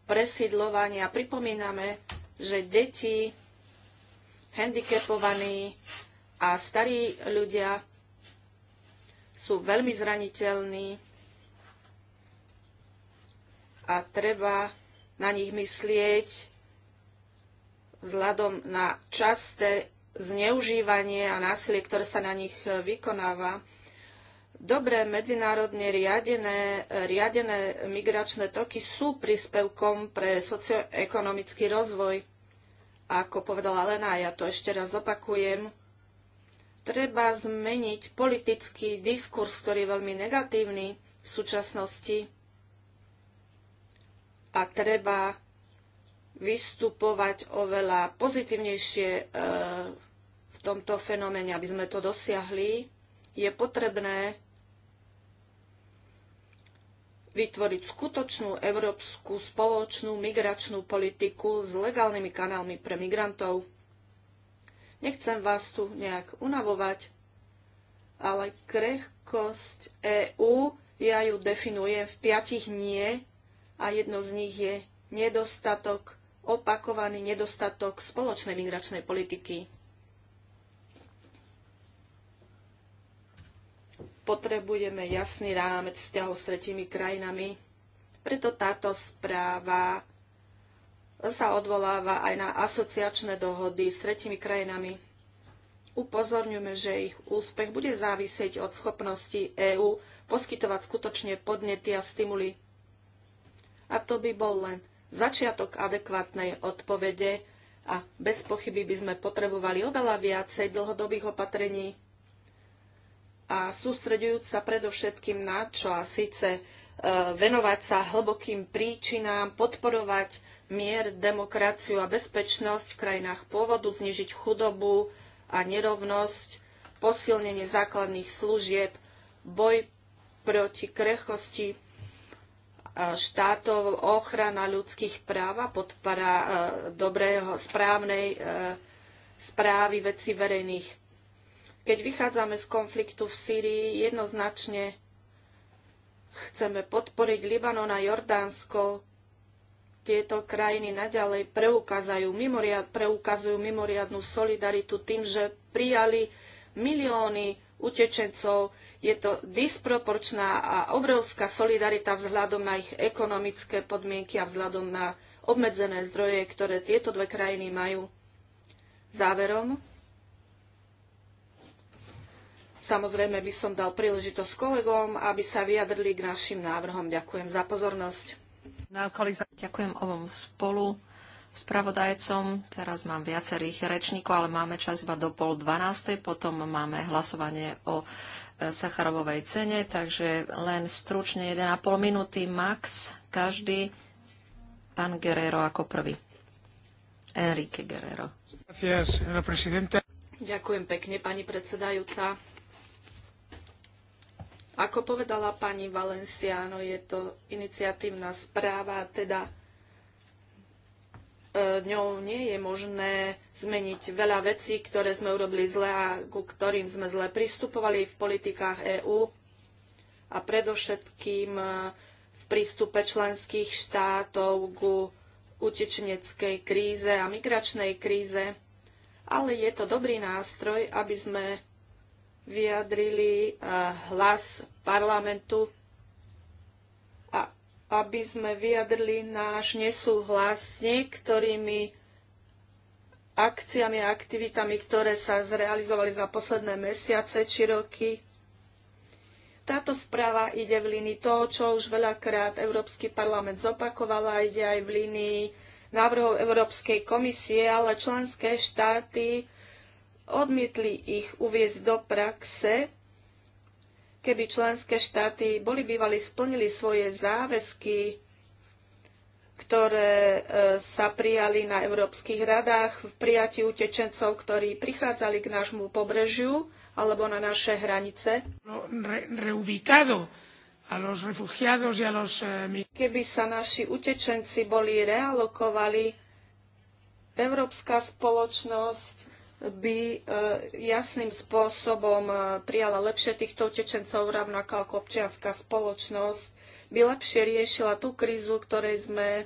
presídlovaní a pripomíname, že deti, handicapovaní a starí ľudia sú veľmi zraniteľní a treba na nich myslieť vzhľadom na časté zneužívanie a násilie, ktoré sa na nich vykonáva. Dobré medzinárodne riadené, riadené migračné toky sú príspevkom pre socioekonomický rozvoj. A ako povedala Lena, ja to ešte raz opakujem, treba zmeniť politický diskurs, ktorý je veľmi negatívny v súčasnosti. A treba vystupovať oveľa pozitívnejšie e, v tomto fenomene, aby sme to dosiahli. Je potrebné vytvoriť skutočnú európsku spoločnú migračnú politiku s legálnymi kanálmi pre migrantov. Nechcem vás tu nejak unavovať, ale krehkosť EÚ, ja ju definujem v piatich nie a jedno z nich je nedostatok, opakovaný nedostatok spoločnej migračnej politiky. potrebujeme jasný rámec vzťahov s tretími krajinami. Preto táto správa sa odvoláva aj na asociačné dohody s tretimi krajinami. Upozorňujeme, že ich úspech bude závisieť od schopnosti EÚ poskytovať skutočne podnety a stimuly. A to by bol len začiatok adekvátnej odpovede a bez pochyby by sme potrebovali oveľa viacej dlhodobých opatrení a sústreďujúc sa predovšetkým na čo a síce e, venovať sa hlbokým príčinám, podporovať mier, demokraciu a bezpečnosť v krajinách pôvodu, znižiť chudobu a nerovnosť, posilnenie základných služieb, boj proti krehkosti e, štátov, ochrana ľudských práv a podpora e, dobrého, správnej správy veci verejných. Keď vychádzame z konfliktu v Sýrii, jednoznačne chceme podporiť Libanon a Jordánsko. Tieto krajiny naďalej preukazajú, mimoriad, preukazujú mimoriadnú solidaritu tým, že prijali milióny utečencov. Je to disproporčná a obrovská solidarita vzhľadom na ich ekonomické podmienky a vzhľadom na obmedzené zdroje, ktoré tieto dve krajiny majú. Záverom, Samozrejme by som dal príležitosť kolegom, aby sa vyjadrili k našim návrhom. Ďakujem za pozornosť. Ďakujem ovom spolu spravodajcom. Teraz mám viacerých rečníkov, ale máme čas iba do pol dvanástej. Potom máme hlasovanie o e, Sacharovovej cene, takže len stručne 1,5 minúty max každý. Pán Guerrero ako prvý. Enrique Guerrero. Ďakujem pekne, pani predsedajúca. Ako povedala pani Valenciano, je to iniciatívna správa, teda e, ňou nie je možné zmeniť veľa vecí, ktoré sme urobili zle a ku ktorým sme zle pristupovali v politikách EÚ a predovšetkým e, v prístupe členských štátov ku utečeneckej kríze a migračnej kríze, ale je to dobrý nástroj, aby sme vyjadrili hlas parlamentu a aby sme vyjadrili náš nesúhlas s niektorými akciami a aktivitami, ktoré sa zrealizovali za posledné mesiace či roky. Táto správa ide v línii toho, čo už veľakrát Európsky parlament zopakovala, ide aj v línii návrhov Európskej komisie, ale členské štáty odmietli ich uviezť do praxe, keby členské štáty boli bývali splnili svoje záväzky, ktoré e, sa prijali na európskych radách v prijatí utečencov, ktorí prichádzali k nášmu pobrežiu alebo na naše hranice. No, eh, keby sa naši utečenci boli realokovali, európska spoločnosť by e, jasným spôsobom e, prijala lepšie týchto utečencov, rovnako ako občianská spoločnosť, by lepšie riešila tú krízu, ktorej sme e,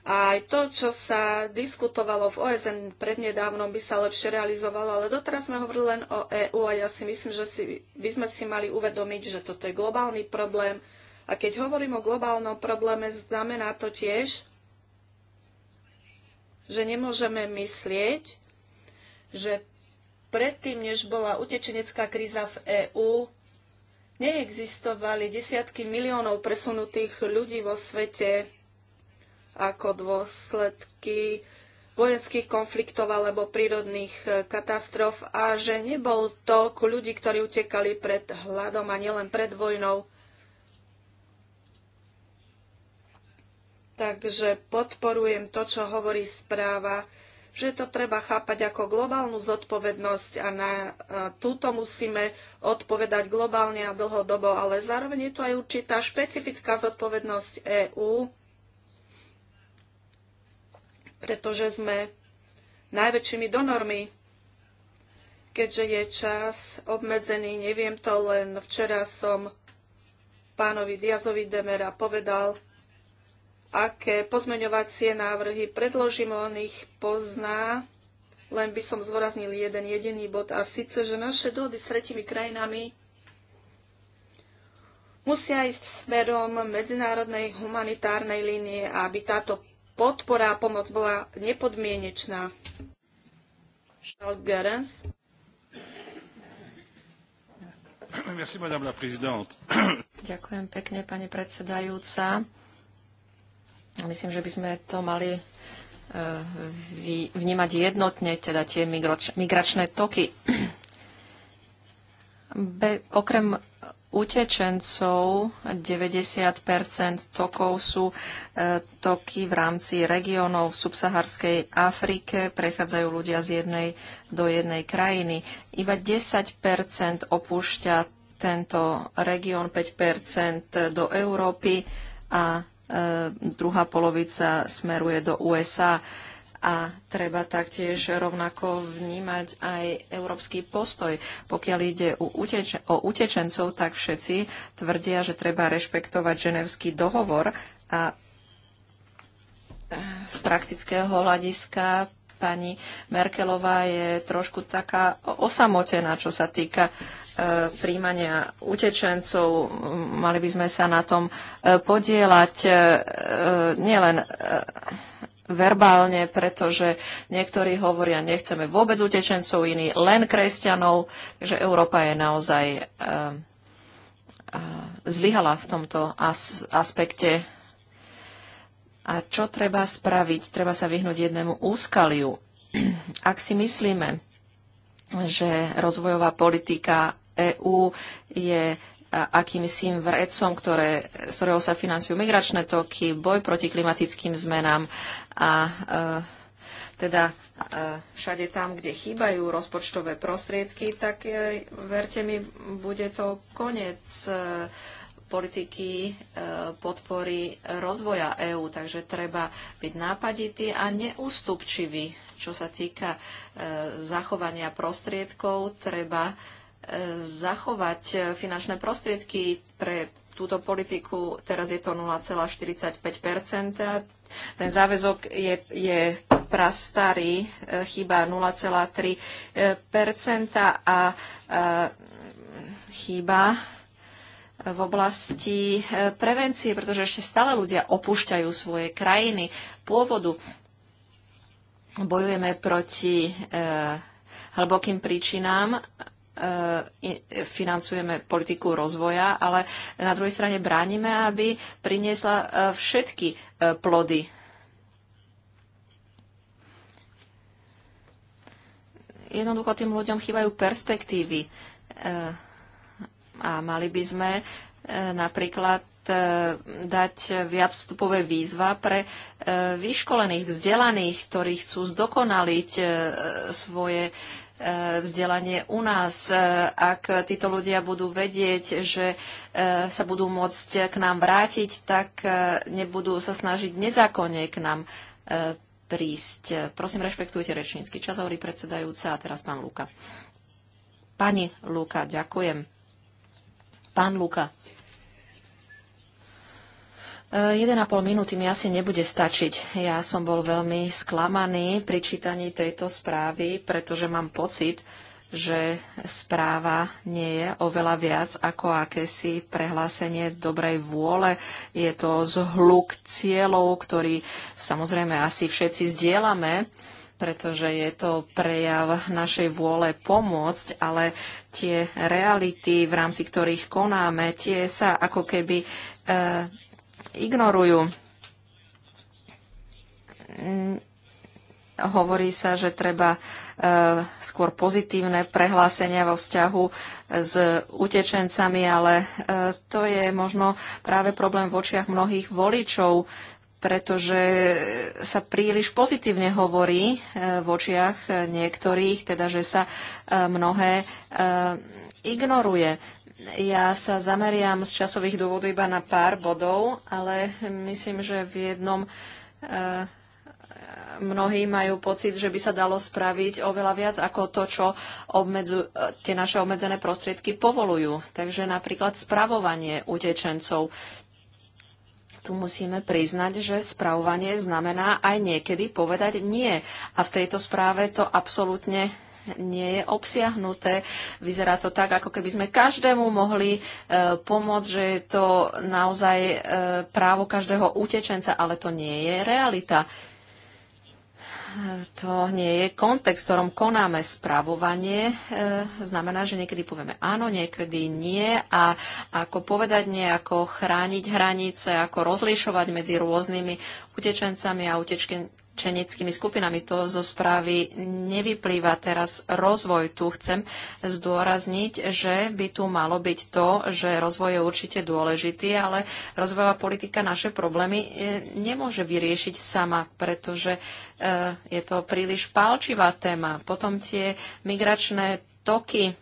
a aj to, čo sa diskutovalo v OSN prednedávnom, by sa lepšie realizovalo, ale doteraz sme hovorili len o EÚ a ja si myslím, že si, by sme si mali uvedomiť, že toto je globálny problém. A keď hovorím o globálnom probléme, znamená to tiež, že nemôžeme myslieť, že predtým, než bola utečenecká kríza v EÚ, neexistovali desiatky miliónov presunutých ľudí vo svete ako dôsledky vojenských konfliktov alebo prírodných e, katastrof a že nebol toľko ľudí, ktorí utekali pred hladom a nielen pred vojnou. Takže podporujem to, čo hovorí správa, že to treba chápať ako globálnu zodpovednosť a na túto musíme odpovedať globálne a dlhodobo, ale zároveň je tu aj určitá špecifická zodpovednosť EÚ, pretože sme najväčšími donormi. Keďže je čas obmedzený, neviem to len, včera som pánovi Diazovi Demera povedal, aké pozmeňovacie návrhy predložím, on ich pozná. Len by som zvoraznil jeden jediný bod a síce, že naše dohody s tretimi krajinami musia ísť smerom medzinárodnej humanitárnej línie, aby táto podpora a pomoc bola nepodmienečná. Charles Ďakujem pekne, pani predsedajúca. Myslím, že by sme to mali e, vnímať jednotne, teda tie migračné toky. Be, okrem utečencov 90 tokov sú e, toky v rámci regiónov v subsaharskej Afrike. Prechádzajú ľudia z jednej do jednej krajiny. Iba 10 opúšťa tento región, 5 do Európy a E, druhá polovica smeruje do USA. A treba taktiež rovnako vnímať aj európsky postoj. Pokiaľ ide o, utečencov, tak všetci tvrdia, že treba rešpektovať ženevský dohovor a z praktického hľadiska pani Merkelová je trošku taká osamotená, čo sa týka e, príjmania utečencov. Mali by sme sa na tom e, podielať e, nielen verbálne, pretože niektorí hovoria, nechceme vôbec utečencov, iní len kresťanov. že Európa je naozaj zlyhala v tomto aspekte a čo treba spraviť? Treba sa vyhnúť jednému úskaliu. (clears throat) Ak si myslíme, že rozvojová politika EÚ je e, akýmsi vrecom, ktoré, z ktorého sa financujú migračné toky, boj proti klimatickým zmenám a e, teda e, všade tam, kde chýbajú rozpočtové prostriedky, tak e, verte mi, bude to koniec politiky e, podpory rozvoja EÚ, takže treba byť nápaditý a neústupčivý. Čo sa týka e, zachovania prostriedkov, treba e, zachovať finančné prostriedky pre túto politiku. Teraz je to 0,45 Ten záväzok je, je prastarý, chýba 0,3 a chýba v oblasti eh, prevencie, pretože ešte stále ľudia opúšťajú svoje krajiny pôvodu. Bojujeme proti eh, hlbokým príčinám eh, financujeme politiku rozvoja, ale na druhej strane bránime, aby priniesla všetky plody. Jednoducho tým ľuďom chýbajú perspektívy. A mali by sme e, napríklad e, dať viac vstupové výzva pre e, vyškolených, vzdelaných, ktorí chcú zdokonaliť svoje vzdelanie u nás. Ak títo ľudia budú vedieť, že sa budú môcť k nám vrátiť, tak nebudú sa snažiť nezákonne k nám prísť. Prosím, rešpektujte rečnícky čas, hovorí predsedajúca a teraz pán Luka. Pani Luka, ďakujem. Pán Luka. 1,5 eh, minúty mi asi nebude stačiť. Ja som bol veľmi sklamaný pri čítaní tejto správy, pretože mám pocit, že správa nie je oveľa viac ako akési prehlásenie dobrej vôle. Je to zhluk cieľov, ktorý samozrejme asi všetci zdieľame pretože je to prejav našej vôle pomôcť, ale tie reality, v rámci ktorých konáme, tie sa ako keby e, ignorujú. Hovorí sa, že treba e, skôr pozitívne prehlásenia vo vzťahu e, s utečencami, ale e, to je možno práve problém v očiach mnohých voličov pretože sa príliš pozitívne hovorí e, v očiach e, niektorých, teda že sa e, mnohé ignoruje. Ja sa zameriam z časových dôvodov iba na pár bodov, ale myslím, že v jednom mnohí majú pocit, že by sa dalo spraviť oveľa viac ako to, čo obmedzu, tie naše obmedzené prostriedky povolujú. Takže napríklad spravovanie utečencov tu musíme priznať, že spravovanie znamená aj niekedy povedať nie. A v tejto správe to absolútne nie je obsiahnuté. Vyzerá to tak, ako keby sme každému mohli e, pomôcť, že je to naozaj e, právo každého utečenca, ale to nie je realita to nie je kontext, v ktorom konáme spravovanie. E, znamená, že niekedy povieme áno, niekedy nie. A ako povedať nie, ako chrániť hranice, ako rozlišovať medzi rôznymi utečencami a čeneckými skupinami. To zo správy nevyplýva teraz rozvoj. Tu chcem zdôrazniť, že by tu malo byť to, že rozvoj je určite dôležitý, ale rozvojová politika naše problémy e, nemôže vyriešiť sama, pretože e, je to príliš palčivá téma. Potom tie migračné toky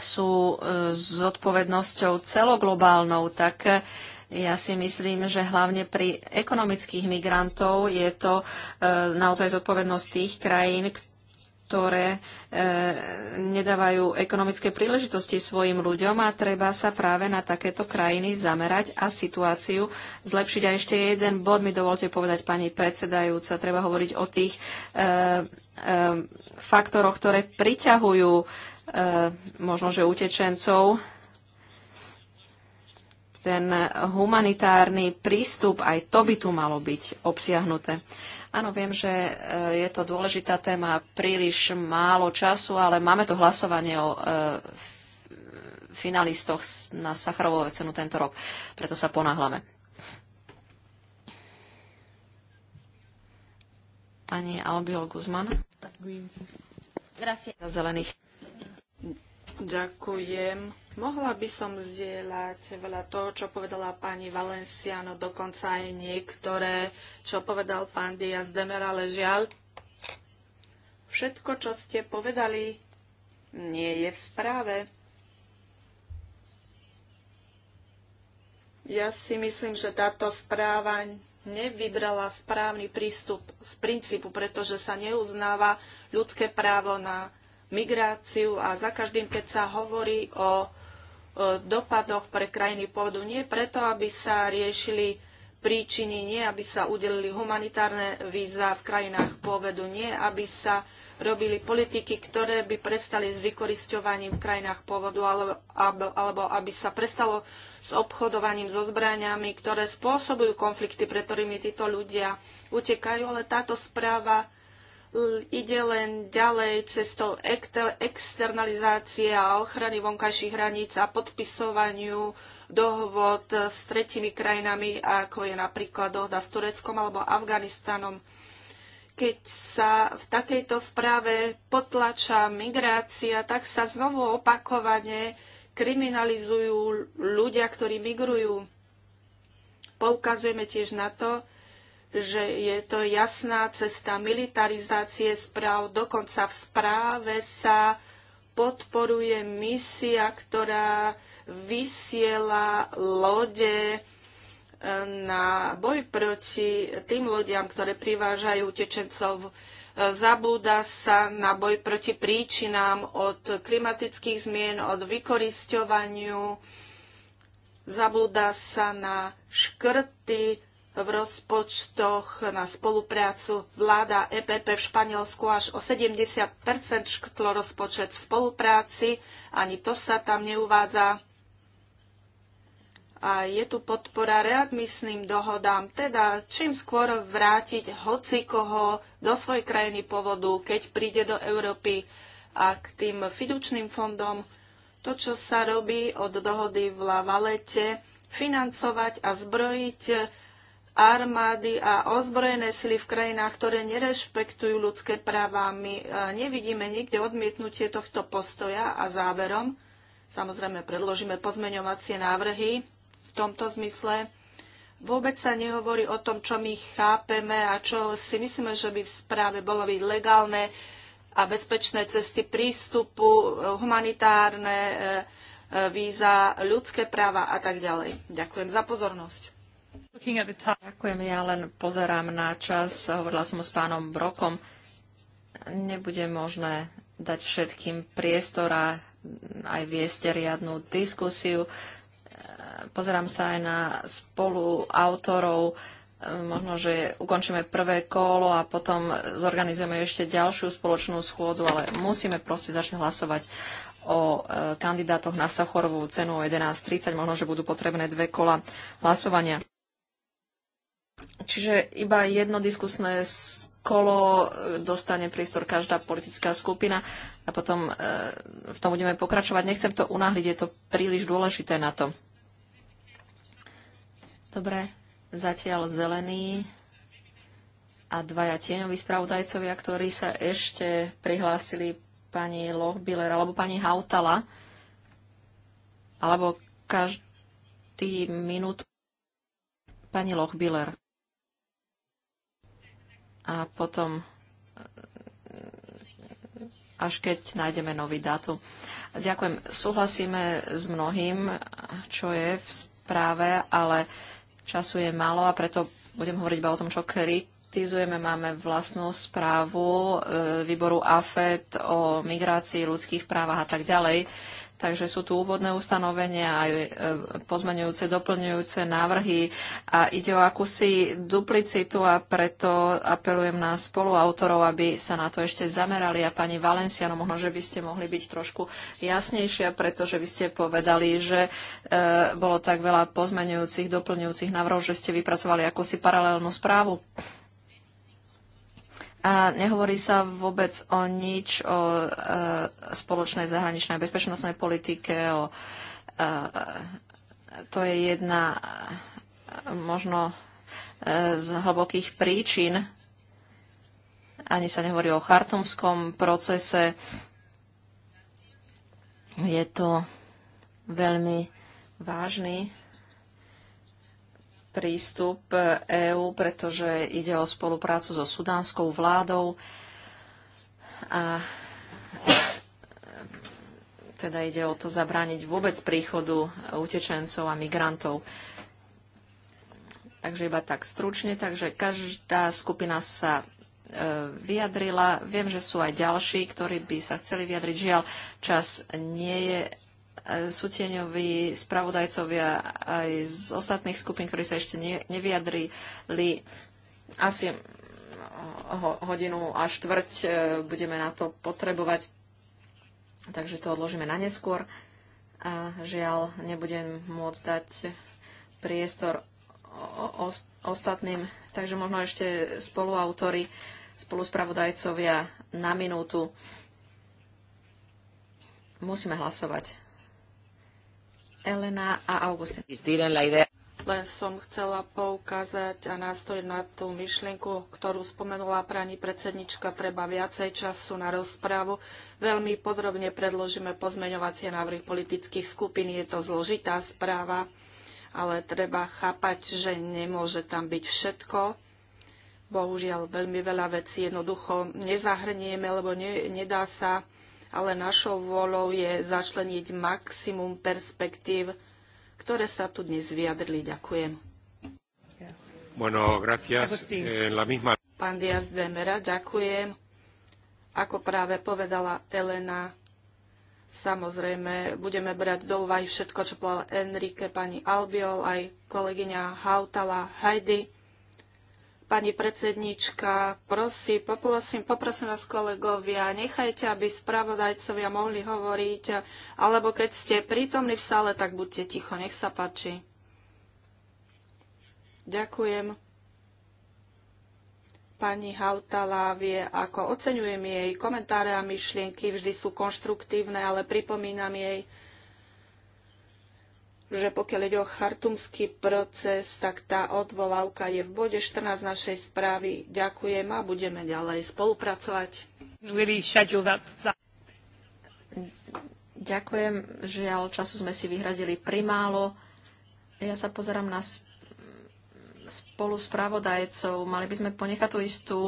sú e, s odpovednosťou celoglobálnou, tak ja si myslím, že hlavne pri ekonomických migrantov je to e, naozaj zodpovednosť tých krajín, ktoré e, nedávajú ekonomické príležitosti svojim ľuďom a treba sa práve na takéto krajiny zamerať a situáciu zlepšiť. A ešte jeden bod mi dovolte povedať, pani predsedajúca, treba hovoriť o tých e, e, faktoroch, ktoré priťahujú e, možno, že utečencov ten humanitárny prístup, aj to by tu malo byť obsiahnuté. Áno, viem, že e, je to dôležitá téma, príliš málo času, ale máme to hlasovanie o e, finalistoch na Sacharovú cenu tento rok, preto sa ponáhlame. Pani Albiol Guzman. Zelených. Ďakujem. Mohla by som zdieľať veľa toho, čo povedala pani Valenciano, dokonca aj niektoré, čo povedal pán Diaz Demer, ale žiaľ, všetko, čo ste povedali, nie je v správe. Ja si myslím, že táto správa nevybrala správny prístup z princípu, pretože sa neuznáva ľudské právo na migráciu a za každým, keď sa hovorí o dopadoch pre krajiny pôvodu. Nie preto, aby sa riešili príčiny, nie aby sa udelili humanitárne víza v krajinách pôvodu, nie aby sa robili politiky, ktoré by prestali s vykoristovaním v krajinách pôvodu, alebo, alebo aby sa prestalo s obchodovaním so zbraniami, ktoré spôsobujú konflikty, pre ktorými títo ľudia utekajú. Ale táto správa ide len ďalej cestou externalizácie a ochrany vonkajších hraníc a podpisovaniu dohovod s tretimi krajinami, ako je napríklad dohoda s Tureckom alebo Afganistanom. Keď sa v takejto správe potlača migrácia, tak sa znovu opakovane kriminalizujú ľudia, ktorí migrujú. Poukazujeme tiež na to, že je to jasná cesta militarizácie správ. Dokonca v správe sa podporuje misia, ktorá vysiela lode e, na boj proti tým lodiam, ktoré privážajú utečencov. E, zabúda sa na boj proti príčinám od klimatických zmien, od vykorisťovaniu. Zabúda sa na škrty v rozpočtoch na spoluprácu vláda EPP v Španielsku až o 70 škrtlo rozpočet v spolupráci. Ani to sa tam neuvádza. A je tu podpora readmisným dohodám, teda čím skôr vrátiť hoci koho do svojej krajiny povodu, keď príde do Európy a k tým fidučným fondom. To, čo sa robí od dohody v Lavalete, financovať a zbrojiť armády a ozbrojené sily v krajinách, ktoré nerešpektujú ľudské práva. My e, nevidíme nikde odmietnutie tohto postoja a záverom. Samozrejme, predložíme pozmeňovacie návrhy v tomto zmysle. Vôbec sa nehovorí o tom, čo my chápeme a čo si myslíme, že by v správe bolo byť legálne a bezpečné cesty prístupu, e, humanitárne e, víza, ľudské práva a tak ďalej. Ďakujem za pozornosť. Ďakujem, ja len pozerám na čas. Hovorila som s pánom Brokom. Nebude možné dať všetkým priestor a aj viesť riadnu diskusiu. Pozerám sa aj na spoluautorov. Možno, že ukončíme prvé kolo a potom zorganizujeme ešte ďalšiu spoločnú schôdzu, ale musíme proste začať hlasovať o e, kandidátoch na Sachorovú cenu o 11.30. Možno, že budú potrebné dve kola hlasovania. Čiže iba jedno diskusné kolo e, dostane priestor každá politická skupina a potom e, v tom budeme pokračovať. Nechcem to unáhliť, je to príliš dôležité na to. Dobre, zatiaľ zelený a dvaja tieňoví spravodajcovia, ktorí sa ešte prihlásili pani Lochbiller alebo pani Hautala alebo každý minút pani Lochbiller a potom eh, až keď nájdeme nový dátum. Ďakujem. Súhlasíme s mnohým, čo je v správe, ale času je málo a preto budem hovoriť iba o tom, čo kritizujeme. Máme vlastnú správu eh, výboru AFET o migrácii, ľudských právach a tak ďalej. Takže sú tu úvodné ustanovenia aj e, pozmenujúce, doplňujúce návrhy a ide o akúsi duplicitu a preto apelujem na spoluautorov, aby sa na to ešte zamerali. A pani Valenciano, možno, že by ste mohli byť trošku jasnejšia, pretože vy ste povedali, že e, bolo tak veľa pozmenujúcich, doplňujúcich návrhov, že ste vypracovali akúsi paralelnú správu. A nehovorí sa vôbec o nič o e, spoločnej zahraničnej bezpečnostnej politike, o, e, to je jedna e, možno e, z hlbokých príčin. Ani sa nehovorí o chartumskom procese. Je to veľmi vážny prístup EÚ, pretože ide o spoluprácu so sudánskou vládou a teda ide o to zabrániť vôbec príchodu utečencov a migrantov. Takže iba tak stručne, takže každá skupina sa e, vyjadrila. Viem, že sú aj ďalší, ktorí by sa chceli vyjadriť. Žiaľ, čas nie je súteňoví spravodajcovia aj z ostatných skupín, ktorí sa ešte nevyjadrili. Asi mm, hodinu a štvrť e, budeme na to potrebovať, takže to odložíme na neskôr. A žiaľ, nebudem môcť dať priestor ostatným, takže možno ešte spoluautori, spoluspravodajcovia na minútu. Musíme hlasovať Elena a Augustin. Len som chcela poukázať a nastojiť na tú myšlienku, ktorú spomenula pani predsednička, treba viacej času na rozprávu. Veľmi podrobne predložíme pozmeňovacie návrhy politických skupín. Je to zložitá správa, ale treba chápať, že nemôže tam byť všetko. Bohužiaľ, veľmi veľa vecí jednoducho nezahrnieme, lebo ne, nedá sa ale našou vôľou je začleniť maximum perspektív, ktoré sa tu dnes vyjadrili. Ďakujem. Bueno, gracias. Eh, la misma... Pán Diaz Demera, ďakujem. Ako práve povedala Elena, samozrejme budeme brať do úvahy všetko, čo povedal Enrique, pani Albiol, aj kolegyňa Hautala, Heidi Pani predsednička, prosím, poprosím, poprosím vás kolegovia, nechajte, aby spravodajcovia mohli hovoriť, alebo keď ste prítomní v sále, tak buďte ticho, nech sa páči. Ďakujem. Pani Hautala vie, ako oceňujem jej komentáre a myšlienky, vždy sú konštruktívne, ale pripomínam jej, že pokiaľ ide o chartumský proces, tak tá odvolávka je v bode 14 našej správy. Ďakujem a budeme ďalej spolupracovať. Ďakujem, žiaľ, času sme si vyhradili primálo. Ja sa pozerám na spolu spravodajcov. Mali by sme ponechať tú istú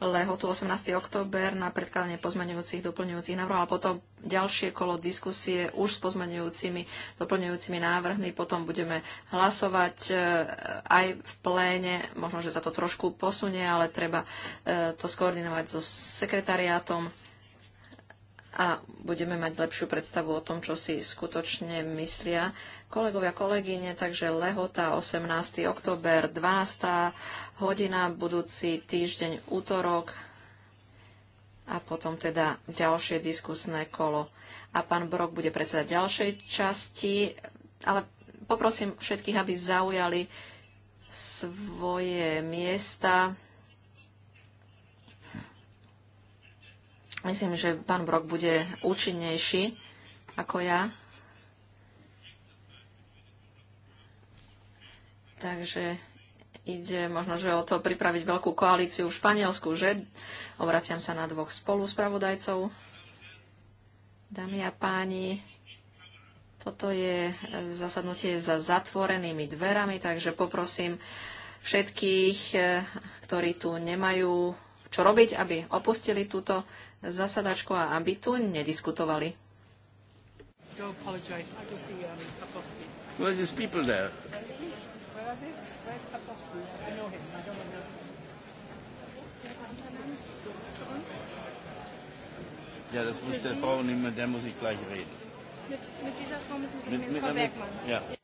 lehotu 18. október na predkladanie pozmeňujúcich, doplňujúcich návrhov a potom ďalšie kolo diskusie už s pozmeňujúcimi, doplňujúcimi návrhmi. Potom budeme hlasovať e, aj v pléne. Možno, že sa to trošku posunie, ale treba e, to skoordinovať so sekretariátom a budeme mať lepšiu predstavu o tom, čo si skutočne myslia kolegovia, kolegyne. Takže lehota 18. október, 12. hodina, budúci týždeň, útorok a potom teda ďalšie diskusné kolo. A pán Brok bude predsedať ďalšej časti, ale poprosím všetkých, aby zaujali svoje miesta. Myslím, že pán Brok bude účinnejší ako ja. Takže ide možno, že o to pripraviť veľkú koalíciu v Španielsku, že? Obraciam sa na dvoch spoluspravodajcov. Dámy a páni, toto je zasadnutie za zatvorenými dverami, takže poprosím všetkých, ktorí tu nemajú čo robiť, aby opustili túto zasadačku a ambitu nediskutovali. Um, ja, das ist der Frau der muss ich gleich reden. Mit, mit dieser Frau müssen wir mit, mit, mit Frau Bergmann. Ja.